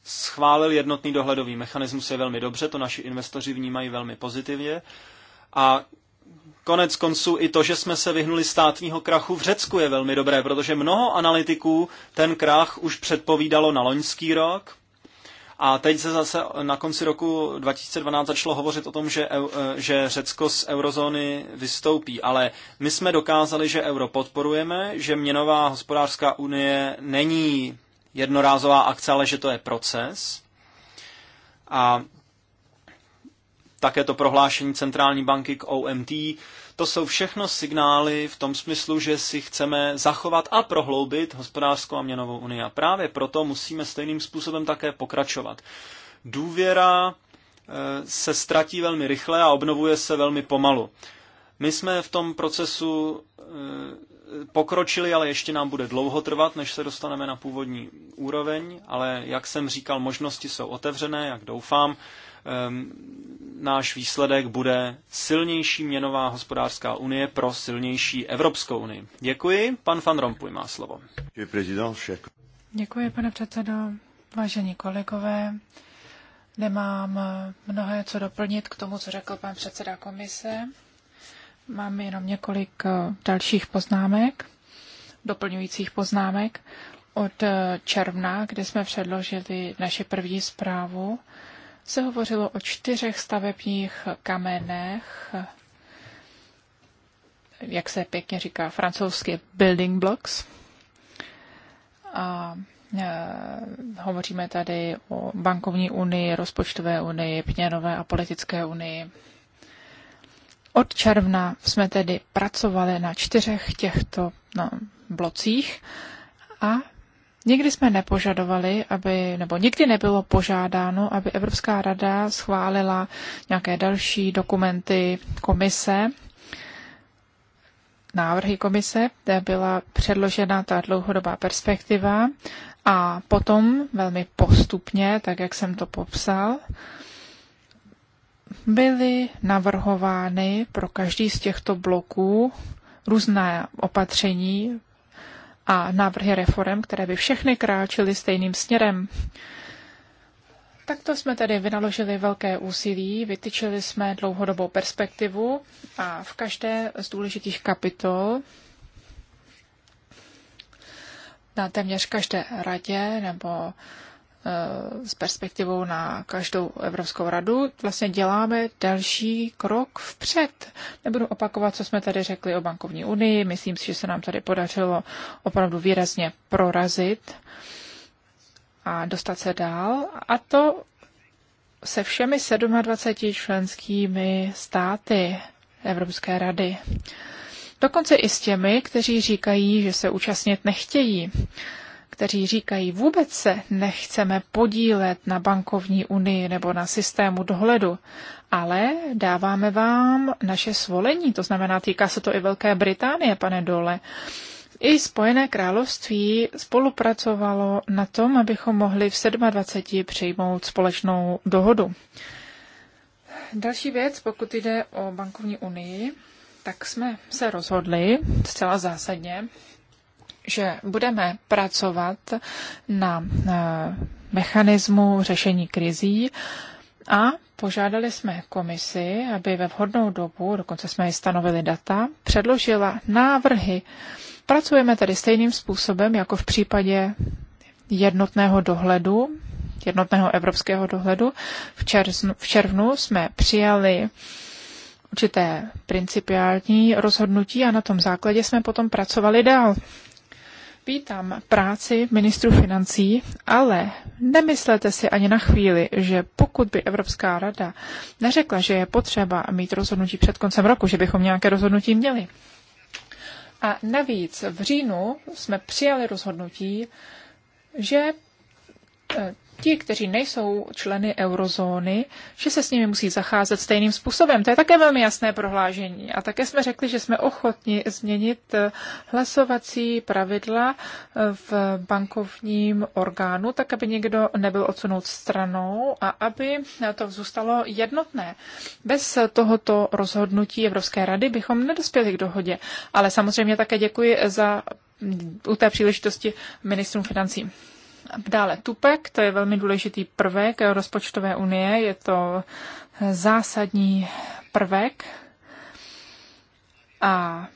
schválil jednotný dohledový mechanismus je velmi dobře, to naši investoři vnímají velmi pozitivně. A konec konců i to, že jsme se vyhnuli státního krachu v Řecku je velmi dobré, protože mnoho analytiků ten krach už předpovídalo na loňský rok a teď se zase na konci roku 2012 začalo hovořit o tom, že, e, že Řecko z eurozóny vystoupí, ale my jsme dokázali, že euro podporujeme, že měnová hospodářská unie není jednorázová akce, ale že to je proces. A také to prohlášení centrální banky k OMT to jsou všechno signály v tom smyslu, že si chceme zachovat a prohloubit hospodářskou a měnovou unii. A právě proto musíme stejným způsobem také pokračovat. Důvěra eh, se ztratí velmi rychle a obnovuje se velmi pomalu. My jsme v tom procesu eh, pokročili, ale ještě nám bude dlouho trvat, než se dostaneme na původní úroveň, ale jak jsem říkal, možnosti jsou otevřené, jak doufám, Ehm, náš výsledek bude silnější měnová hospodářská unie pro silnější Evropskou unii. Děkuji. Pan Van Rompuy má slovo. Děkuji, pane předsedo. Vážení kolegové, nemám eh, mnohé co doplnit k tomu, co řekl pan předseda komise. Mám jenom několik eh, dalších poznámek, doplňujících poznámek od eh, června, kde jsme předložili naši první zprávu se hovořilo o čtyřech stavebních kamenech, jak se pěkně říká francouzsky, building blocks. A e, hovoříme tady o bankovní unii, rozpočtové unii, pněnové a politické unii. Od června jsme tedy pracovali na čtyřech těchto no, blocích a Nikdy jsme nepožadovali, aby, nebo nikdy nebylo požádáno, aby Evropská rada schválila nějaké další dokumenty komise, návrhy komise, kde byla předložena ta dlouhodobá perspektiva a potom velmi postupně, tak jak jsem to popsal, byly navrhovány pro každý z těchto bloků různé opatření a návrhy reform, které by všechny kráčely stejným směrem. Takto jsme tedy vynaložili velké úsilí, vytyčili jsme dlouhodobou perspektivu a v každé z důležitých kapitol na téměř každé radě nebo s perspektivou na každou Evropskou radu, vlastně děláme další krok vpřed. Nebudu opakovat, co jsme tady řekli o bankovní unii. Myslím si, že se nám tady podařilo opravdu výrazně prorazit a dostat se dál. A to se všemi 27 členskými státy Evropské rady. Dokonce i s těmi, kteří říkají, že se účastnit nechtějí kteří říkají, vůbec se nechceme podílet na bankovní unii nebo na systému dohledu, ale dáváme vám naše svolení, to znamená, týká se to i Velké Británie, pane Dole. I Spojené království spolupracovalo na tom, abychom mohli v 27 přijmout společnou dohodu. Další věc, pokud jde o bankovní unii, tak jsme se rozhodli zcela zásadně, že budeme pracovat na mechanismu řešení krizí a požádali jsme komisi, aby ve vhodnou dobu, dokonce jsme ji stanovili data, předložila návrhy. Pracujeme tedy stejným způsobem jako v případě jednotného dohledu, jednotného evropského dohledu. V červnu, v červnu jsme přijali určité principiální rozhodnutí a na tom základě jsme potom pracovali dál. Vítám práci ministrů financí, ale nemyslete si ani na chvíli, že pokud by Evropská rada neřekla, že je potřeba mít rozhodnutí před koncem roku, že bychom nějaké rozhodnutí měli. A navíc v říjnu jsme přijali rozhodnutí, že eh, ti, kteří nejsou členy eurozóny, že se s nimi musí zacházet stejným způsobem. To je také velmi jasné prohlášení. A také jsme řekli, že jsme ochotni změnit eh, hlasovací pravidla eh, v bankovním orgánu, tak aby někdo nebyl odsunout stranou a aby to zůstalo jednotné. Bez tohoto rozhodnutí Evropské rady bychom nedospěli k dohodě. Ale samozřejmě také děkuji za u té příležitosti ministrům financí. Dále TUPEK, to je velmi důležitý prvek rozpočtové unie, je to zásadní prvek. A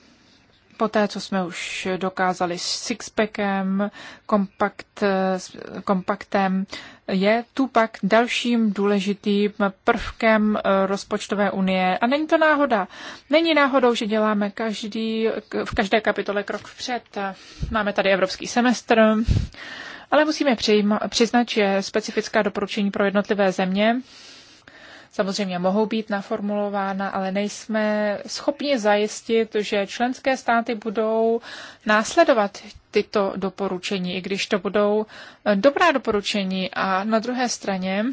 poté, co jsme už dokázali s Sixpackem, kompakt, kompaktem, je tu pak dalším důležitým prvkem rozpočtové unie. A není to náhoda. Není náhodou, že děláme každý, v každé kapitole krok vpřed. Máme tady evropský semestr, ale musíme přiznat, že specifická doporučení pro jednotlivé země samozřejmě mohou být naformulována, ale nejsme schopni zajistit, že členské státy budou následovat tyto doporučení, i když to budou eh, dobrá doporučení. A na druhé straně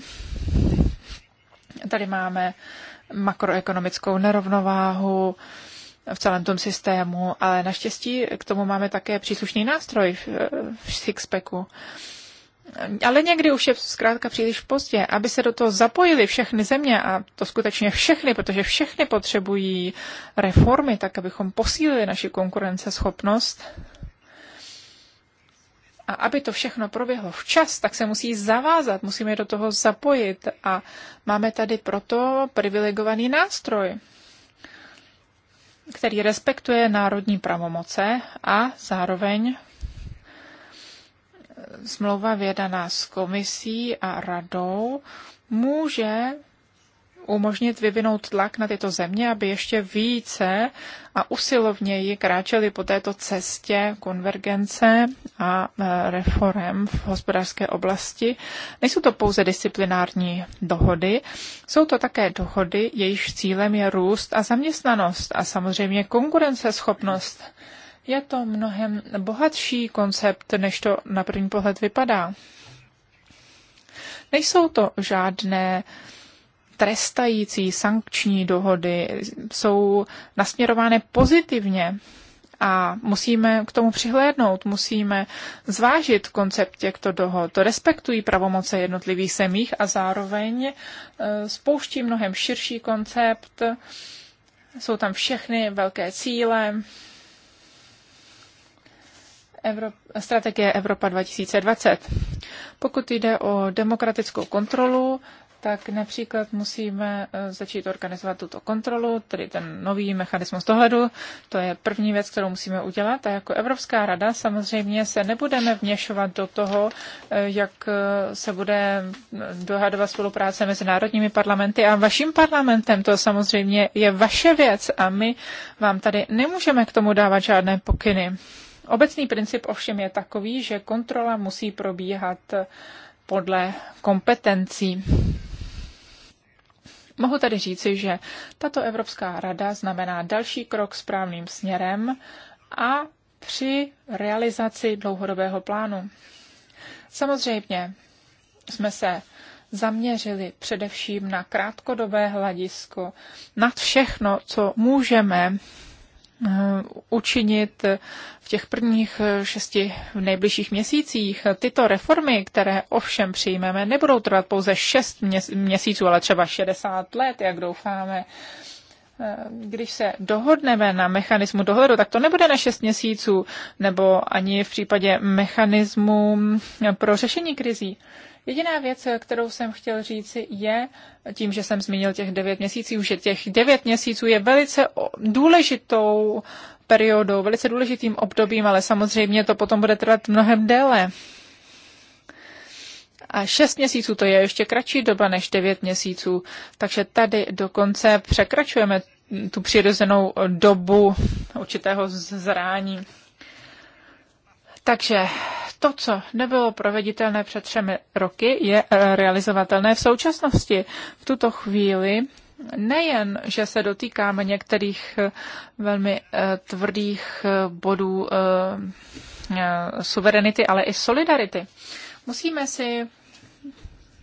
tady máme makroekonomickou nerovnováhu, v celém tom systému, ale naštěstí k tomu máme také příslušný nástroj v, v Sixpacku. Ale někdy už je zkrátka příliš pozdě, aby se do toho zapojili všechny země a to skutečně všechny, protože všechny potřebují reformy, tak abychom posílili naši konkurenceschopnost. A aby to všechno proběhlo včas, tak se musí zavázat, musíme do toho zapojit a máme tady proto privilegovaný nástroj který respektuje národní pravomoce a zároveň eh, smlouva vědaná s komisí a radou může umožnit vyvinout tlak na tyto země, aby ještě více a usilovněji kráčeli po této cestě konvergence a e, reform v hospodářské oblasti. Nejsou to pouze disciplinární dohody, jsou to také dohody, jejichž cílem je růst a zaměstnanost a samozřejmě konkurenceschopnost. Je to mnohem bohatší koncept, než to na první pohled vypadá. Nejsou to žádné uh, trestající sankční dohody jsou nasměrovány pozitivně a musíme k tomu přihlédnout, musíme zvážit koncept těchto dohod. To respektují pravomoce jednotlivých semích a zároveň e, spouští mnohem širší koncept. Jsou tam všechny velké cíle. Evropa, strategie Evropa 2020. Pokud jde o demokratickou kontrolu, tak například musíme eh, začít organizovat tuto kontrolu, tedy ten nový mechanismus dohledu. To je první věc, kterou musíme udělat. A jako Evropská rada samozřejmě se nebudeme vněšovat do toho, eh, jak eh, se bude dohadovat spolupráce mezi národními parlamenty a vaším parlamentem. To samozřejmě je vaše věc a my vám tady nemůžeme k tomu dávat žádné pokyny. Obecný princip ovšem je takový, že kontrola musí probíhat podle kompetencí. Mohu tedy říci, že tato Evropská rada znamená další krok správným směrem a při realizaci dlouhodobého plánu. Samozřejmě jsme se zaměřili především na krátkodobé hledisko, nad všechno, co můžeme Eh, učinit v těch prvních eh, šesti v nejbližších měsících. Tyto reformy, které ovšem přijmeme, nebudou trvat pouze šest měsíců, ale třeba 60 let, jak doufáme. Eh, když se dohodneme na mechanismu dohledu, tak to nebude na 6 měsíců, nebo ani v případě mechanismu eh, pro řešení krizí. Jediná věc, eh, kterou jsem chtěl říci, je, tím, že jsem zmínil těch 9 měsíců, že těch 9 měsíců je velice důležitou periodou, velice důležitým obdobím, ale samozřejmě to potom bude trvat mnohem déle. A šest měsíců to je ještě kratší doba než devět měsíců, takže tady dokonce překračujeme tu přirozenou dobu určitého zrání. Takže to, co nebylo proveditelné před třemi roky, je realizovatelné v současnosti. V tuto chvíli nejen, že se dotýkáme některých eh, velmi eh, tvrdých eh, bodů suverenity, ale i solidarity. Musíme si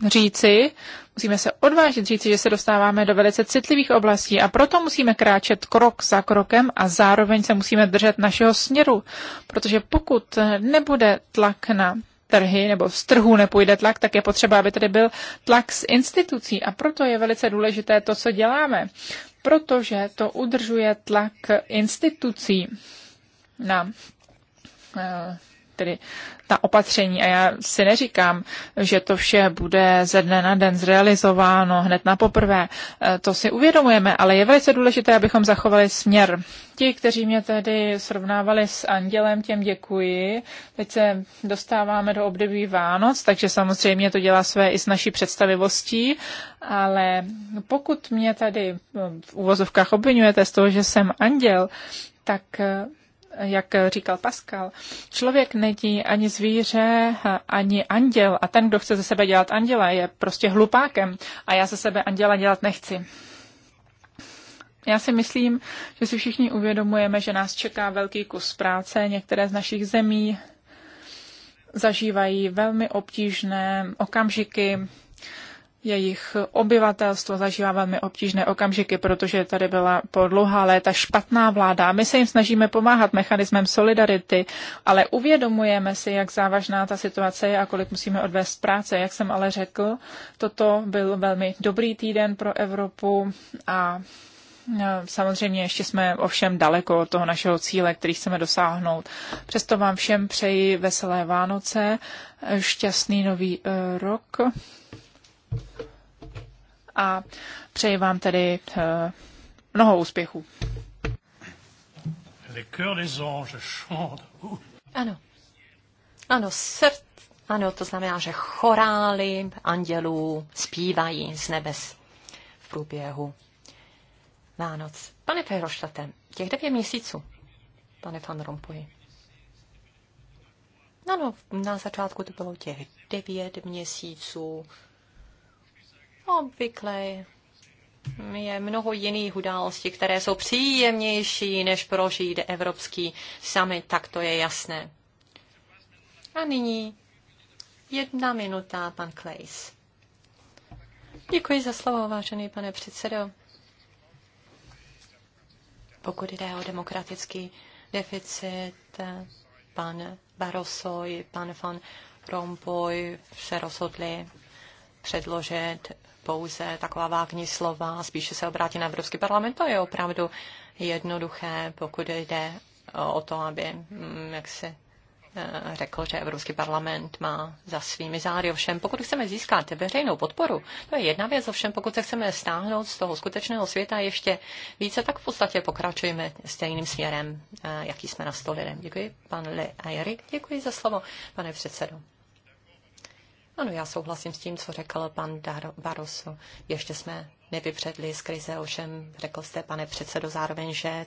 říci, musíme se odvážit říci, že se dostáváme do velice citlivých oblastí a proto musíme kráčet krok za krokem a zároveň se musíme držet našeho směru, protože pokud nebude tlak na trhy nebo z trhu nepůjde tlak, tak je potřeba, aby tady byl tlak z institucí a proto je velice důležité to, co děláme, protože to udržuje tlak institucí na eh, tedy ta opatření. A já si neříkám, že to vše bude ze dne na den zrealizováno hned na poprvé. E, to si uvědomujeme, ale je velice důležité, abychom zachovali směr. Ti, kteří mě tedy srovnávali s andělem, těm děkuji. Teď se dostáváme do období Vánoc, takže samozřejmě to dělá své i s naší představivostí, ale pokud mě tady v úvozovkách obvinujete z toho, že jsem anděl, tak jak říkal Pascal, člověk není ani zvíře, ani anděl a ten, kdo chce ze sebe dělat anděla, je prostě hlupákem a já ze sebe anděla dělat nechci. Já si myslím, že si všichni uvědomujeme, že nás čeká velký kus práce. Některé z našich zemí zažívají velmi obtížné okamžiky, jejich obyvatelstvo zažívá velmi obtížné okamžiky, protože tady byla po dlouhá léta špatná vláda. My se jim snažíme pomáhat mechanismem solidarity, ale uvědomujeme si, jak závažná ta situace je a kolik musíme odvést práce. Jak jsem ale řekl, toto byl velmi dobrý týden pro Evropu a e, Samozřejmě ještě jsme ovšem daleko od toho našeho cíle, který chceme dosáhnout. Přesto vám všem přeji veselé Vánoce, e, šťastný nový e, rok a přeji vám tedy eh, mnoho úspěchů. Ano. Ano, srdce. Ano, to znamená, že chorály andělů zpívají z nebes v průběhu Vánoc. Pane Ferroštate, těch devět měsíců, pane Van Rompuy. Ano, na začátku to bylo těch devět měsíců Obvykle je mnoho jiných událostí, které jsou příjemnější, než prožít Evropský summit, tak to je jasné. A nyní jedna minuta, pan Klejs. Děkuji za slovo, vážený pane předsedo. Pokud jde o demokratický deficit, pan Barroso i pan van Rompuy se rozhodli předložit pouze taková vágní slova, spíše se obrátí na Evropský parlament. To je opravdu jednoduché, pokud jde o to, aby, mm, jak se eh, řekl, že Evropský parlament má za svými zády. Ovšem, pokud chceme získat veřejnou podporu, to je jedna věc, ovšem pokud se chceme stáhnout z toho skutečného světa ještě více, tak v podstatě pokračujeme stejným směrem, eh, jaký jsme nastolili. Děkuji, pan Le Ayrik, děkuji za slovo, pane předsedo. Ano, já souhlasím s tím, co řekl pan Dar- Barroso. Ještě jsme nevypředli z krize, ovšem řekl jste, pane předsedo, zároveň, že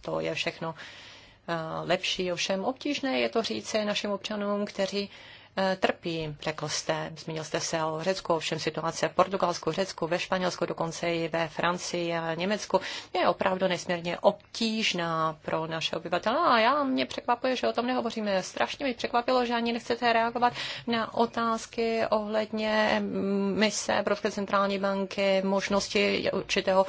to je všechno eh, lepší, ovšem obtížné je to říct našim občanům, kteří Eh, trpí, řekl jste, zmínil jste se o Řecku, ovšem situace v Portugalsku, Řecku, ve Španělsku, dokonce i ve Francii a Německu je opravdu nesmírně obtížná pro naše obyvatele. A já mě překvapuje, že o tom nehovoříme. Strašně mi překvapilo, že ani nechcete reagovat na otázky ohledně mm, mise Evropské centrální banky, možnosti určitého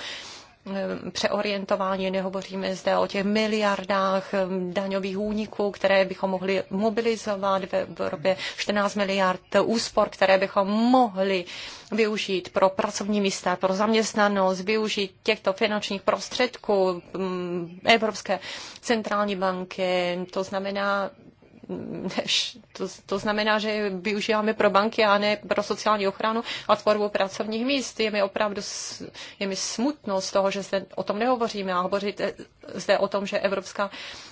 Eh, přeorientování, nehovoříme zde o těch miliardách eh, daňových úniků, které bychom mohli mobilizovat ve Evropě, 14 miliard úspor, které bychom mohli využít pro pracovní místa, pro zaměstnanost, využít těchto finančních prostředků mm, Evropské centrální banky, to znamená než to, to znamená, že využíváme pro banky a ne pro sociální ochranu a tvorbu pracovních míst. Je mi opravdu je mi smutno z toho, že zde o tom nehovoříme a hovořit eh, zde o tom, že Evropská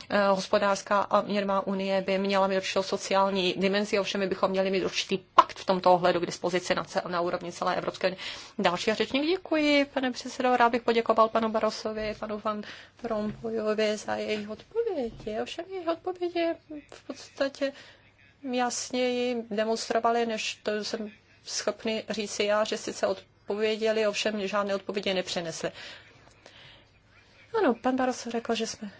eh, hospodářská a měrná unie by měla mít určitou sociální dimenzi, ovšem my bychom měli mít určitý pakt v tomto ohledu k dispozici na, na úrovni celé Evropské unie. Další řečník děkuji, pane předsedo, rád bych poděkoval panu Barosovi, panu Van Rompuyovi za jejich odpovědi. Ovšem jejich odpovědi v podstatě podstatě jasněji demonstrovali, než to jsem schopný říci já, že sice odpověděli, ovšem žádné odpovědi nepřenesli. Ano, pan Baros řekl, že jsme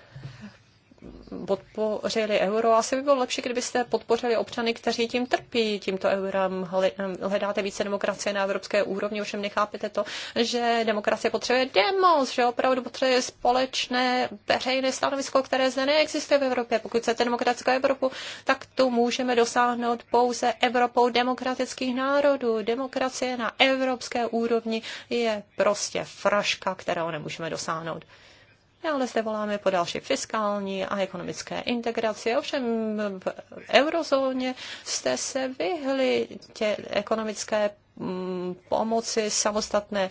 podpořili euro, asi by bylo lepší, kdybyste podpořili občany, kteří tím trpí, tímto eurem. Eh, hledáte více demokracie na evropské úrovni, ovšem nechápete to, že demokracie potřebuje demos, že opravdu potřebuje společné veřejné stanovisko, které zde neexistuje v Evropě. Pokud chcete demokratickou Evropu, tak tu můžeme dosáhnout pouze Evropou demokratických národů. Demokracie na evropské úrovni je prostě fraška, kterou nemůžeme dosáhnout. Dále zde voláme po další fiskální a ekonomické integraci. Ovšem v eurozóně jste se vyhli tě ekonomické mm, pomoci samostatné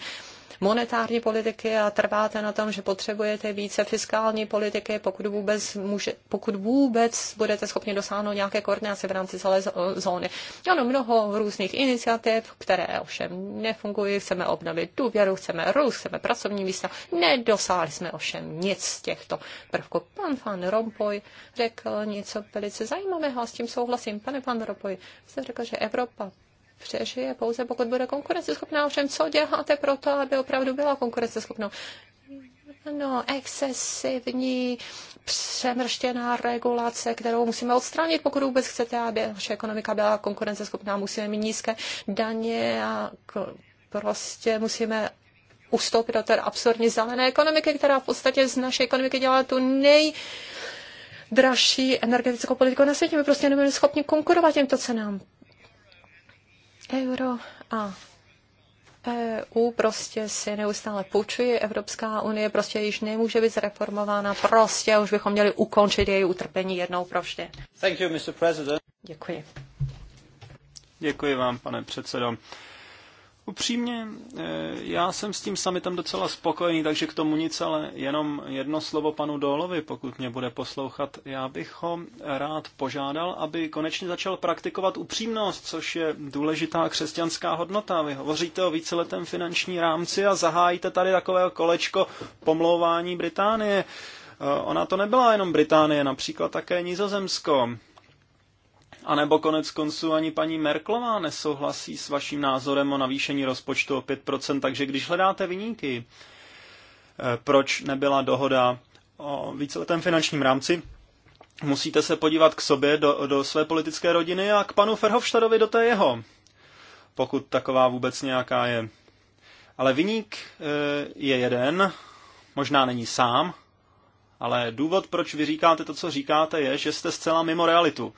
monetární politiky a trváte na tom, že potřebujete více fiskální politiky, pokud vůbec, může, pokud vůbec budete schopni dosáhnout nějaké koordinace v rámci celé zóny. Ano, mnoho různých iniciativ, které ovšem nefungují, chceme obnovit důvěru, chceme růst, chceme pracovní místa. Nedosáhli jsme ovšem nic z těchto prvků. Pan Van Rompuy řekl něco velice zajímavého a s tím souhlasím. Pane Van Rompuy, jste řekl, že Evropa přežije pouze pokud bude konkurenceschopná. Ovšem, co děláte pro to, aby opravdu byla konkurenceschopná? No, excesivní, přemrštěná regulace, kterou musíme odstranit, pokud vůbec chcete, aby naše ekonomika byla konkurenceschopná. Musíme mít nízké daně a prostě musíme ustoupit do té absurdní zelené ekonomiky, která v podstatě z naší ekonomiky dělá tu nej dražší energetickou politiku na světě. My prostě nebudeme schopni konkurovat těmto cenám. Euro a EU prostě si neustále půjčuje, Evropská unie prostě již nemůže být zreformována, prostě už bychom měli ukončit její utrpení jednou pro vždy. you, Mr. President. Děkuji. Děkuji vám, pane předsedo. Upřímně, eh, já jsem s tím summitem docela spokojený, takže k tomu nic, ale jenom jedno slovo panu Dolovi, pokud mě bude poslouchat. Já bych ho rád požádal, aby konečně začal praktikovat upřímnost, což je důležitá křesťanská hodnota. Vy hovoříte o víceletém finanční rámci a zahájíte tady takové kolečko pomlouvání Británie. Eh, ona to nebyla jenom Británie, například také Nizozemsko anebo konec konců ani paní Merklová nesouhlasí s vaším názorem o navýšení rozpočtu o 5%, takže když hledáte vyníky, eh, proč nebyla dohoda o víceletém finančním rámci, musíte se podívat k sobě, do, do své politické rodiny a k panu Ferhofštadovi do té jeho, pokud taková vůbec nějaká je. Ale vyník eh, je jeden, možná není sám, ale důvod, proč vy říkáte to, co říkáte, je, že jste zcela mimo realitu.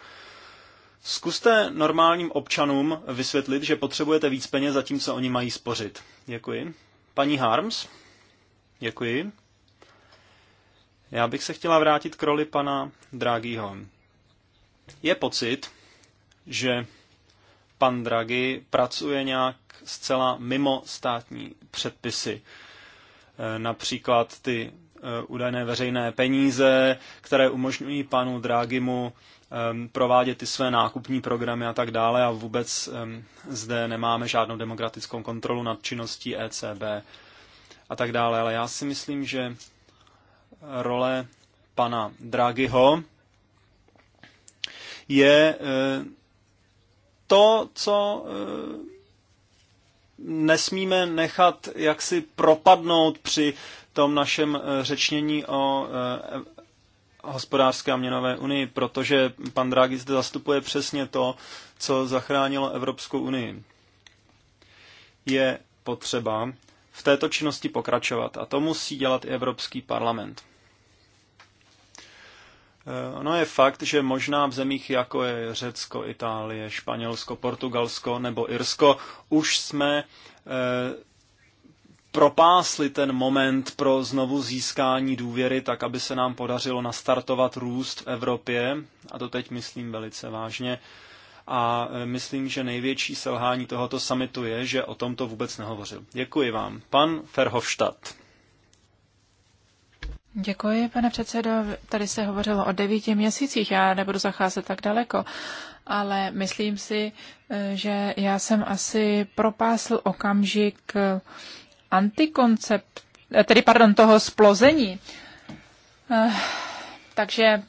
Zkuste normálním občanům vysvětlit, že potřebujete víc peněz, zatímco oni mají spořit. Děkuji. Paní Harms? Děkuji. Já bych se chtěla vrátit k roli pana Draghiho. Je pocit, že pan Draghi pracuje nějak zcela mimo státní předpisy. E, například ty Eh, údajné veřejné peníze, které umožňují panu Drágimu provádět ty své nákupní programy a tak dále a vůbec zde nemáme žádnou demokratickou kontrolu nad činností ECB a tak dále. Ale já si myslím, že role pana Draghiho je eh, to, co eh, nesmíme nechat jaksi propadnout při tom našem eh, řečnění o eh, hospodářské a měnové unii, protože pan Draghi zde zastupuje přesně to, co zachránilo Evropskou unii. Je potřeba v této činnosti pokračovat a to musí dělat i Evropský parlament. Eh, ono je fakt, že možná v zemích jako je Řecko, Itálie, Španělsko, Portugalsko nebo Irsko už jsme propásli ten moment pro znovu získání důvěry, tak aby se nám podařilo nastartovat růst v Evropě, a to teď myslím velice vážně. A e, myslím, že největší selhání tohoto samitu je, že o tomto vůbec nehovořil. Děkuji vám. Pan Ferhofstadt. Děkuji, pane předsedo. Tady se hovořilo o devíti měsících, já nebudu zacházet tak daleko, ale myslím si, e, že já jsem asi propásl okamžik, antikoncept, eh, tedy pardon, toho splození. Eh, takže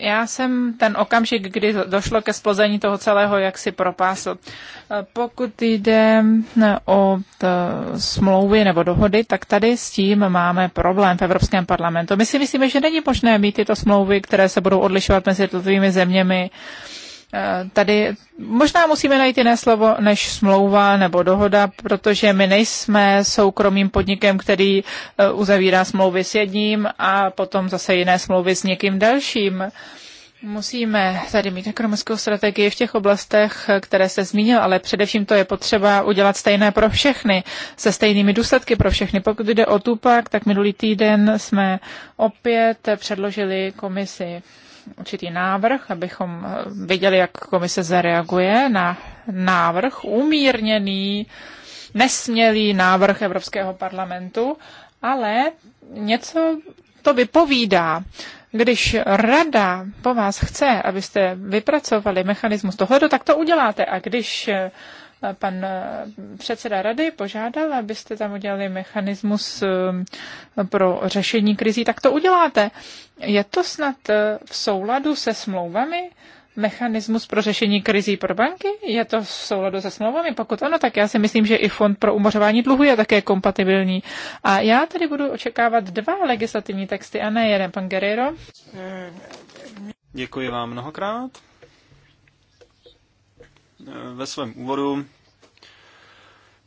já jsem ten okamžik, kdy došlo ke splození toho celého, jak si propásl. Eh, pokud jde o smlouvy nebo dohody, tak tady s tím máme problém v Evropském parlamentu. My si myslíme, že není možné mít tyto smlouvy, které se budou odlišovat mezi jednotlivými zeměmi. Eh, tady možná musíme najít jiné slovo než smlouva nebo dohoda, protože my nejsme soukromým podnikem, který eh, uzavírá smlouvy s jedním a potom zase jiné smlouvy s někým dalším. Musíme tady mít ekonomickou strategii v těch oblastech, eh, které se zmínil, ale především to je potřeba udělat stejné pro všechny, se stejnými důsledky pro všechny. Pokud jde o tupak, tak minulý týden jsme opět předložili komisi určitý návrh, abychom eh, viděli, jak komise zareaguje na návrh, umírněný, nesmělý návrh Evropského parlamentu, ale něco to vypovídá. Když rada po vás chce, abyste vypracovali mechanismus tohoto, tak to uděláte. A když eh, pan eh, předseda rady požádal, abyste tam udělali mechanismus eh, pro řešení krizí, tak to uděláte. Je to snad eh, v souladu se smlouvami? mechanismus pro řešení krizí pro banky? Je to v souladu se smlouvami? Pokud ano, tak já si myslím, že i fond pro umořování dluhu je také kompatibilní. A já tedy budu očekávat dva legislativní texty a ne jeden, pan Guerrero. Děkuji vám mnohokrát. Ve svém úvodu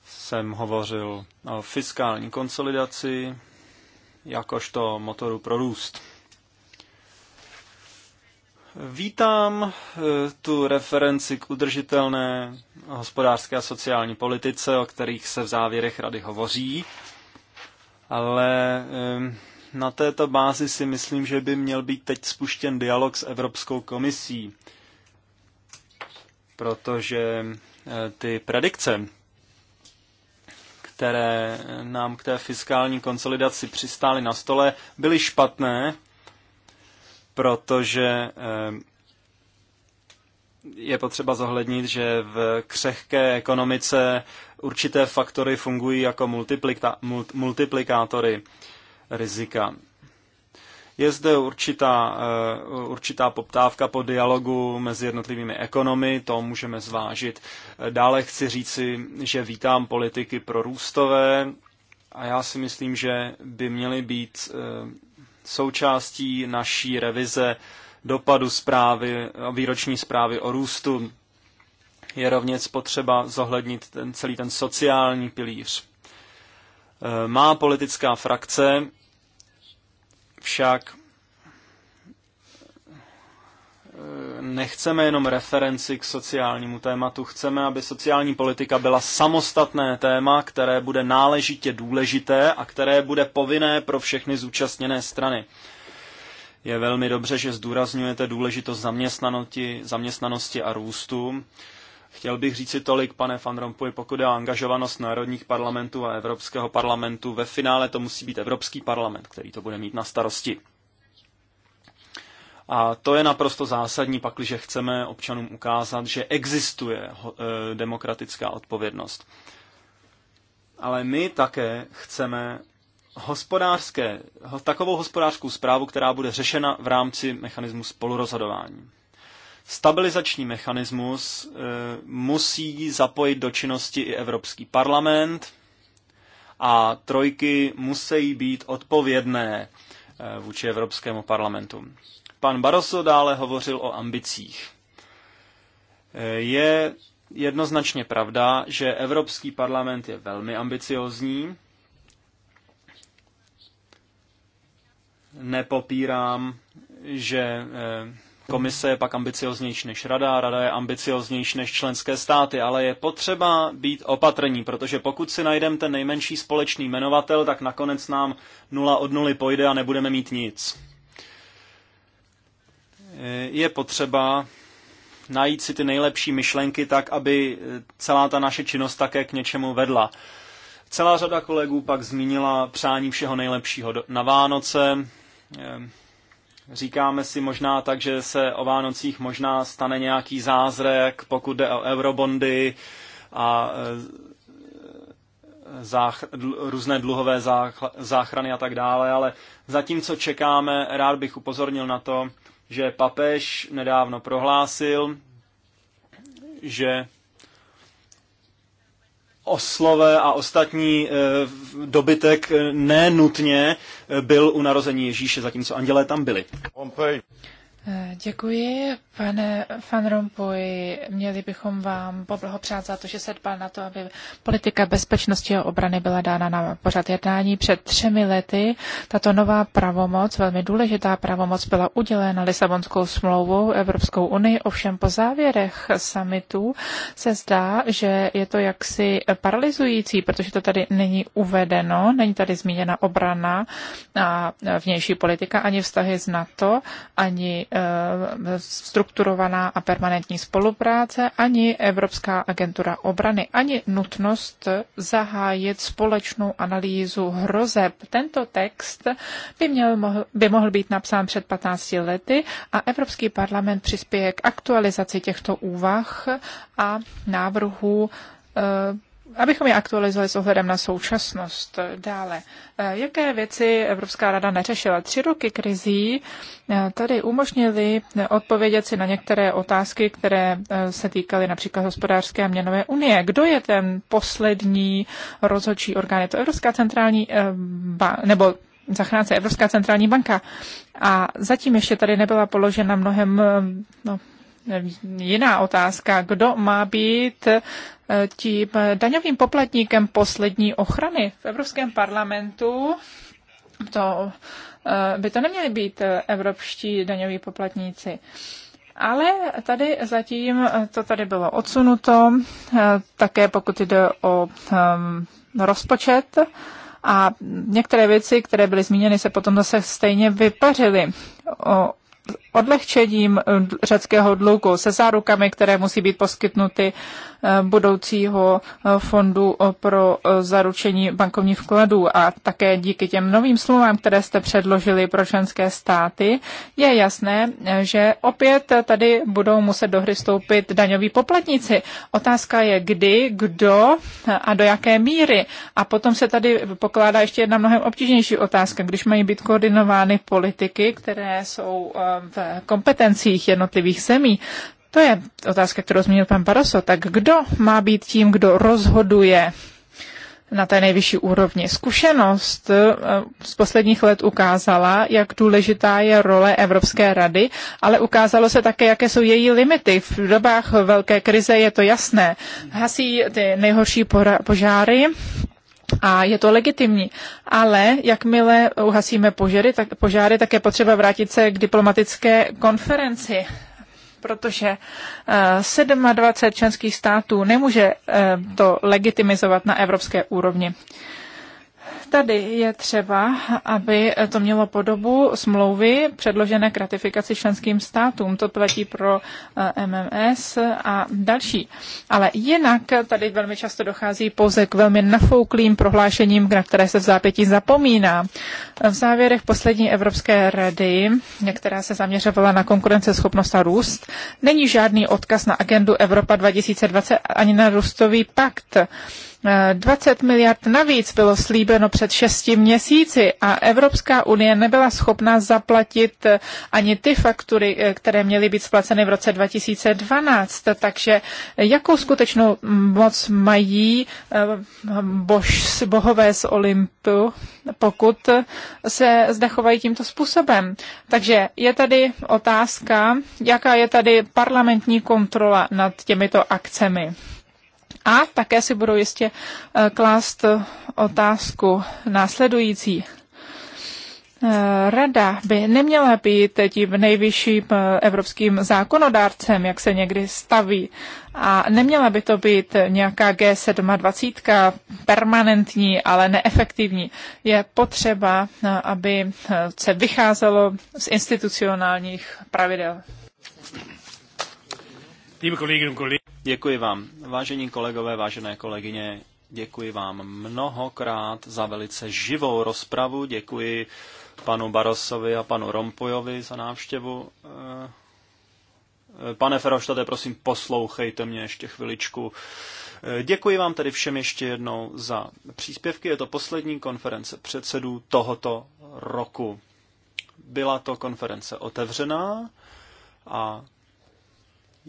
jsem hovořil o fiskální konsolidaci jakožto motoru pro růst. Vítám eh, tu referenci k udržitelné hospodářské a sociální politice, o kterých se v závěrech rady hovoří, ale eh, na této bázi si myslím, že by měl být teď spuštěn dialog s Evropskou komisí protože eh, ty predikce, které nám k té fiskální konsolidaci přistály na stole, byly špatné, protože eh, je potřeba zohlednit, že v křehké ekonomice určité faktory fungují jako multiplika, multiplikátory rizika. Je zde určitá, eh, určitá poptávka po dialogu mezi jednotlivými ekonomy, to můžeme zvážit. Eh, dále chci říci, že vítám politiky pro růstové a já si myslím, že by měly být eh, součástí naší revize dopadu zprávy, výroční zprávy o růstu. Je rovněc potřeba zohlednit ten, celý ten sociální pilíř. Má politická frakce však eh, nechceme jenom referenci k sociálnímu tématu, chceme, aby sociální politika byla samostatné téma, které bude náležitě důležité a které bude povinné pro všechny zúčastněné strany. Je velmi dobře, že zdůrazňujete důležitost zaměstnanosti, zaměstnanosti a růstu. Chtěl bych říci tolik, pane Van Rompuy, pokud je angažovanost národních parlamentů a Evropského parlamentu, ve finále to musí být Evropský parlament, který to bude mít na starosti. A to je naprosto zásadní, pakliže chceme občanům ukázat, že existuje eh, demokratická odpovědnost. Ale my také chceme hospodářské, takovou hospodářskou zprávu, která bude řešena v rámci mechanismu spolurozhodování. Stabilizační mechanismus eh, musí zapojit do činnosti i Evropský parlament a trojky musí být odpovědné eh, vůči Evropskému parlamentu. Pan Barroso dále hovořil o ambicích. Eh, je jednoznačně pravda, že Evropský parlament je velmi ambiciozní. Nepopírám, že Komise je pak ambicioznější než rada, rada je ambicioznější než členské státy, ale je potřeba být opatrní, protože pokud si najdeme ten nejmenší společný jmenovatel, tak nakonec nám nula od nuly pojde a nebudeme mít nic. Je potřeba najít si ty nejlepší myšlenky tak, aby celá ta naše činnost také k něčemu vedla. Celá řada kolegů pak zmínila přání všeho nejlepšího na Vánoce. Ehm, Říkáme si možná tak, že se o Vánocích možná stane nějaký zázrak, pokud jde o eurobondy a e, zách, různé dluhové zách, záchrany a tak dále, ale zatímco čekáme, rád bych upozornil na to, že papež nedávno prohlásil, že oslové a ostatní e, dobytek nenutně byl u narození Ježíše, zatímco andělé tam byli. Eh, děkuji, pane Van Rompuy. Měli bychom vám poblahopřát za to, že se dbal na to, aby politika bezpečnosti a obrany byla dána na pořad jednání. Před třemi lety tato nová pravomoc, velmi důležitá pravomoc, byla udělena Lisabonskou smlouvou Evropskou unii. Ovšem po závěrech summitu se zdá, že je to jaksi paralizující, protože to tady není uvedeno, není tady zmíněna obrana a vnější politika, ani vztahy s NATO, ani Eh, strukturovaná a permanentní spolupráce, ani Evropská agentura obrany, ani nutnost zahájit společnou analýzu hrozeb. Tento text by, měl, by mohl být napsán před 15 lety a Evropský parlament přispěje k aktualizaci těchto úvah a návrhů eh, abychom je aktualizovali s ohledem na současnost dále. Eh, jaké věci Evropská rada neřešila? Tři roky krizí eh, tady umožnili eh, odpovědět si na některé otázky, které se týkaly například hospodářské a měnové unie. Kdo je ten poslední rozhodčí orgán? Je to Evropská centrální nebo zachránce Evropská centrální banka. A zatím ještě tady nebyla položena mnohem no, jiná otázka. Kdo má být eh, tím daňovým poplatníkem poslední ochrany v Evropském parlamentu? To eh, by to neměli být eh, evropští daňoví poplatníci. Ale tady zatím to tady bylo odsunuto, také pokud jde o rozpočet. A některé věci, které byly zmíněny, se potom zase stejně vypařily odlehčením eh, řeckého dluhu, se zárukami, které musí být poskytnuty budoucího eh, fondu eh, pro eh, zaručení bankovních vkladů a také díky těm novým slovám, které jste předložili pro členské státy, je jasné, že opět tady budou muset do hry stoupit daňoví poplatníci. Otázka je, kdy, kdo a do jaké míry. A potom se tady pokládá ještě jedna mnohem obtížnější otázka, když mají být koordinovány politiky, které jsou v kompetencích jednotlivých zemí, to je otázka, kterou zmínil pan Paroso. Tak kdo má být tím, kdo rozhoduje na té nejvyšší úrovni? Zkušenost eh, z posledních let ukázala, jak důležitá je role Evropské rady, ale ukázalo se také, jaké jsou její limity. V dobách velké krize je to jasné. Hasí ty nejhorší požáry, a je to legitimní. Ale jakmile uhasíme požáry, tak, požáry, tak je potřeba vrátit se k diplomatické konferenci protože 27 eh, členských států nemůže eh, to legitimizovat na evropské úrovni tady je třeba, aby to mělo podobu smlouvy předložené k ratifikaci členským státům. To platí pro eh, MMS a další. Ale jinak tady velmi často dochází pouze k velmi nafouklým prohlášením, na které se v zápětí zapomíná. V závěrech poslední Evropské rady, která se zaměřovala na konkurenceschopnost a růst, není žádný odkaz na agendu Evropa 2020 ani na růstový pakt. 20 miliard navíc bylo slíbeno před šesti měsíci a Evropská unie nebyla schopna zaplatit eh, ani ty faktury, eh, které měly být splaceny v roce 2012. Takže jakou skutečnou moc mají eh, bož, bohové z Olympu, pokud se zde chovají tímto způsobem? Takže je tady otázka, jaká je tady parlamentní kontrola nad těmito akcemi. A také si budou jistě eh, klást eh, otázku následující. Eh, Rada by neměla být tím nejvyšším evropským zákonodárcem, jak se někdy staví. A neměla by to být nějaká G27 permanentní, ale neefektivní. Je potřeba, aby se vycházelo z institucionálních pravidel. Děkuji vám. Vážení kolegové, vážené kolegyně, děkuji vám mnohokrát za velice živou rozpravu. Děkuji panu Barosovi a panu Rompojovi za návštěvu. Eh, eh, pane Feroštate, prosím, poslouchejte mě ještě chviličku. Eh, děkuji vám tedy všem ještě jednou za příspěvky. Je to poslední konference předsedů tohoto roku. Byla to konference otevřená a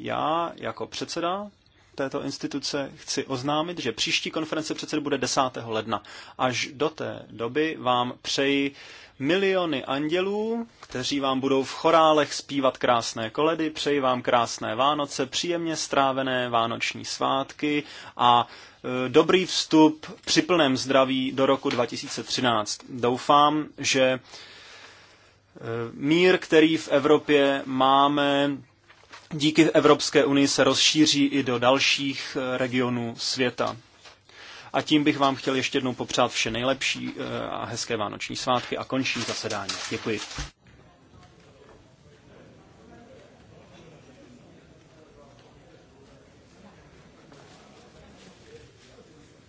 já jako předseda této instituce chci oznámit, že příští konference předsedů bude 10. ledna. Až do té doby vám přeji miliony andělů, kteří vám budou v chorálech zpívat krásné koledy, přeji vám krásné Vánoce, příjemně strávené vánoční svátky a e, dobrý vstup při plném zdraví do roku 2013. Doufám, že e, mír, který v Evropě máme, díky Evropské unii se rozšíří i do dalších eh, regionů světa. A tím bych vám chtěl ještě jednou popřát vše nejlepší eh, a hezké vánoční svátky a končím zasedání. Děkuji.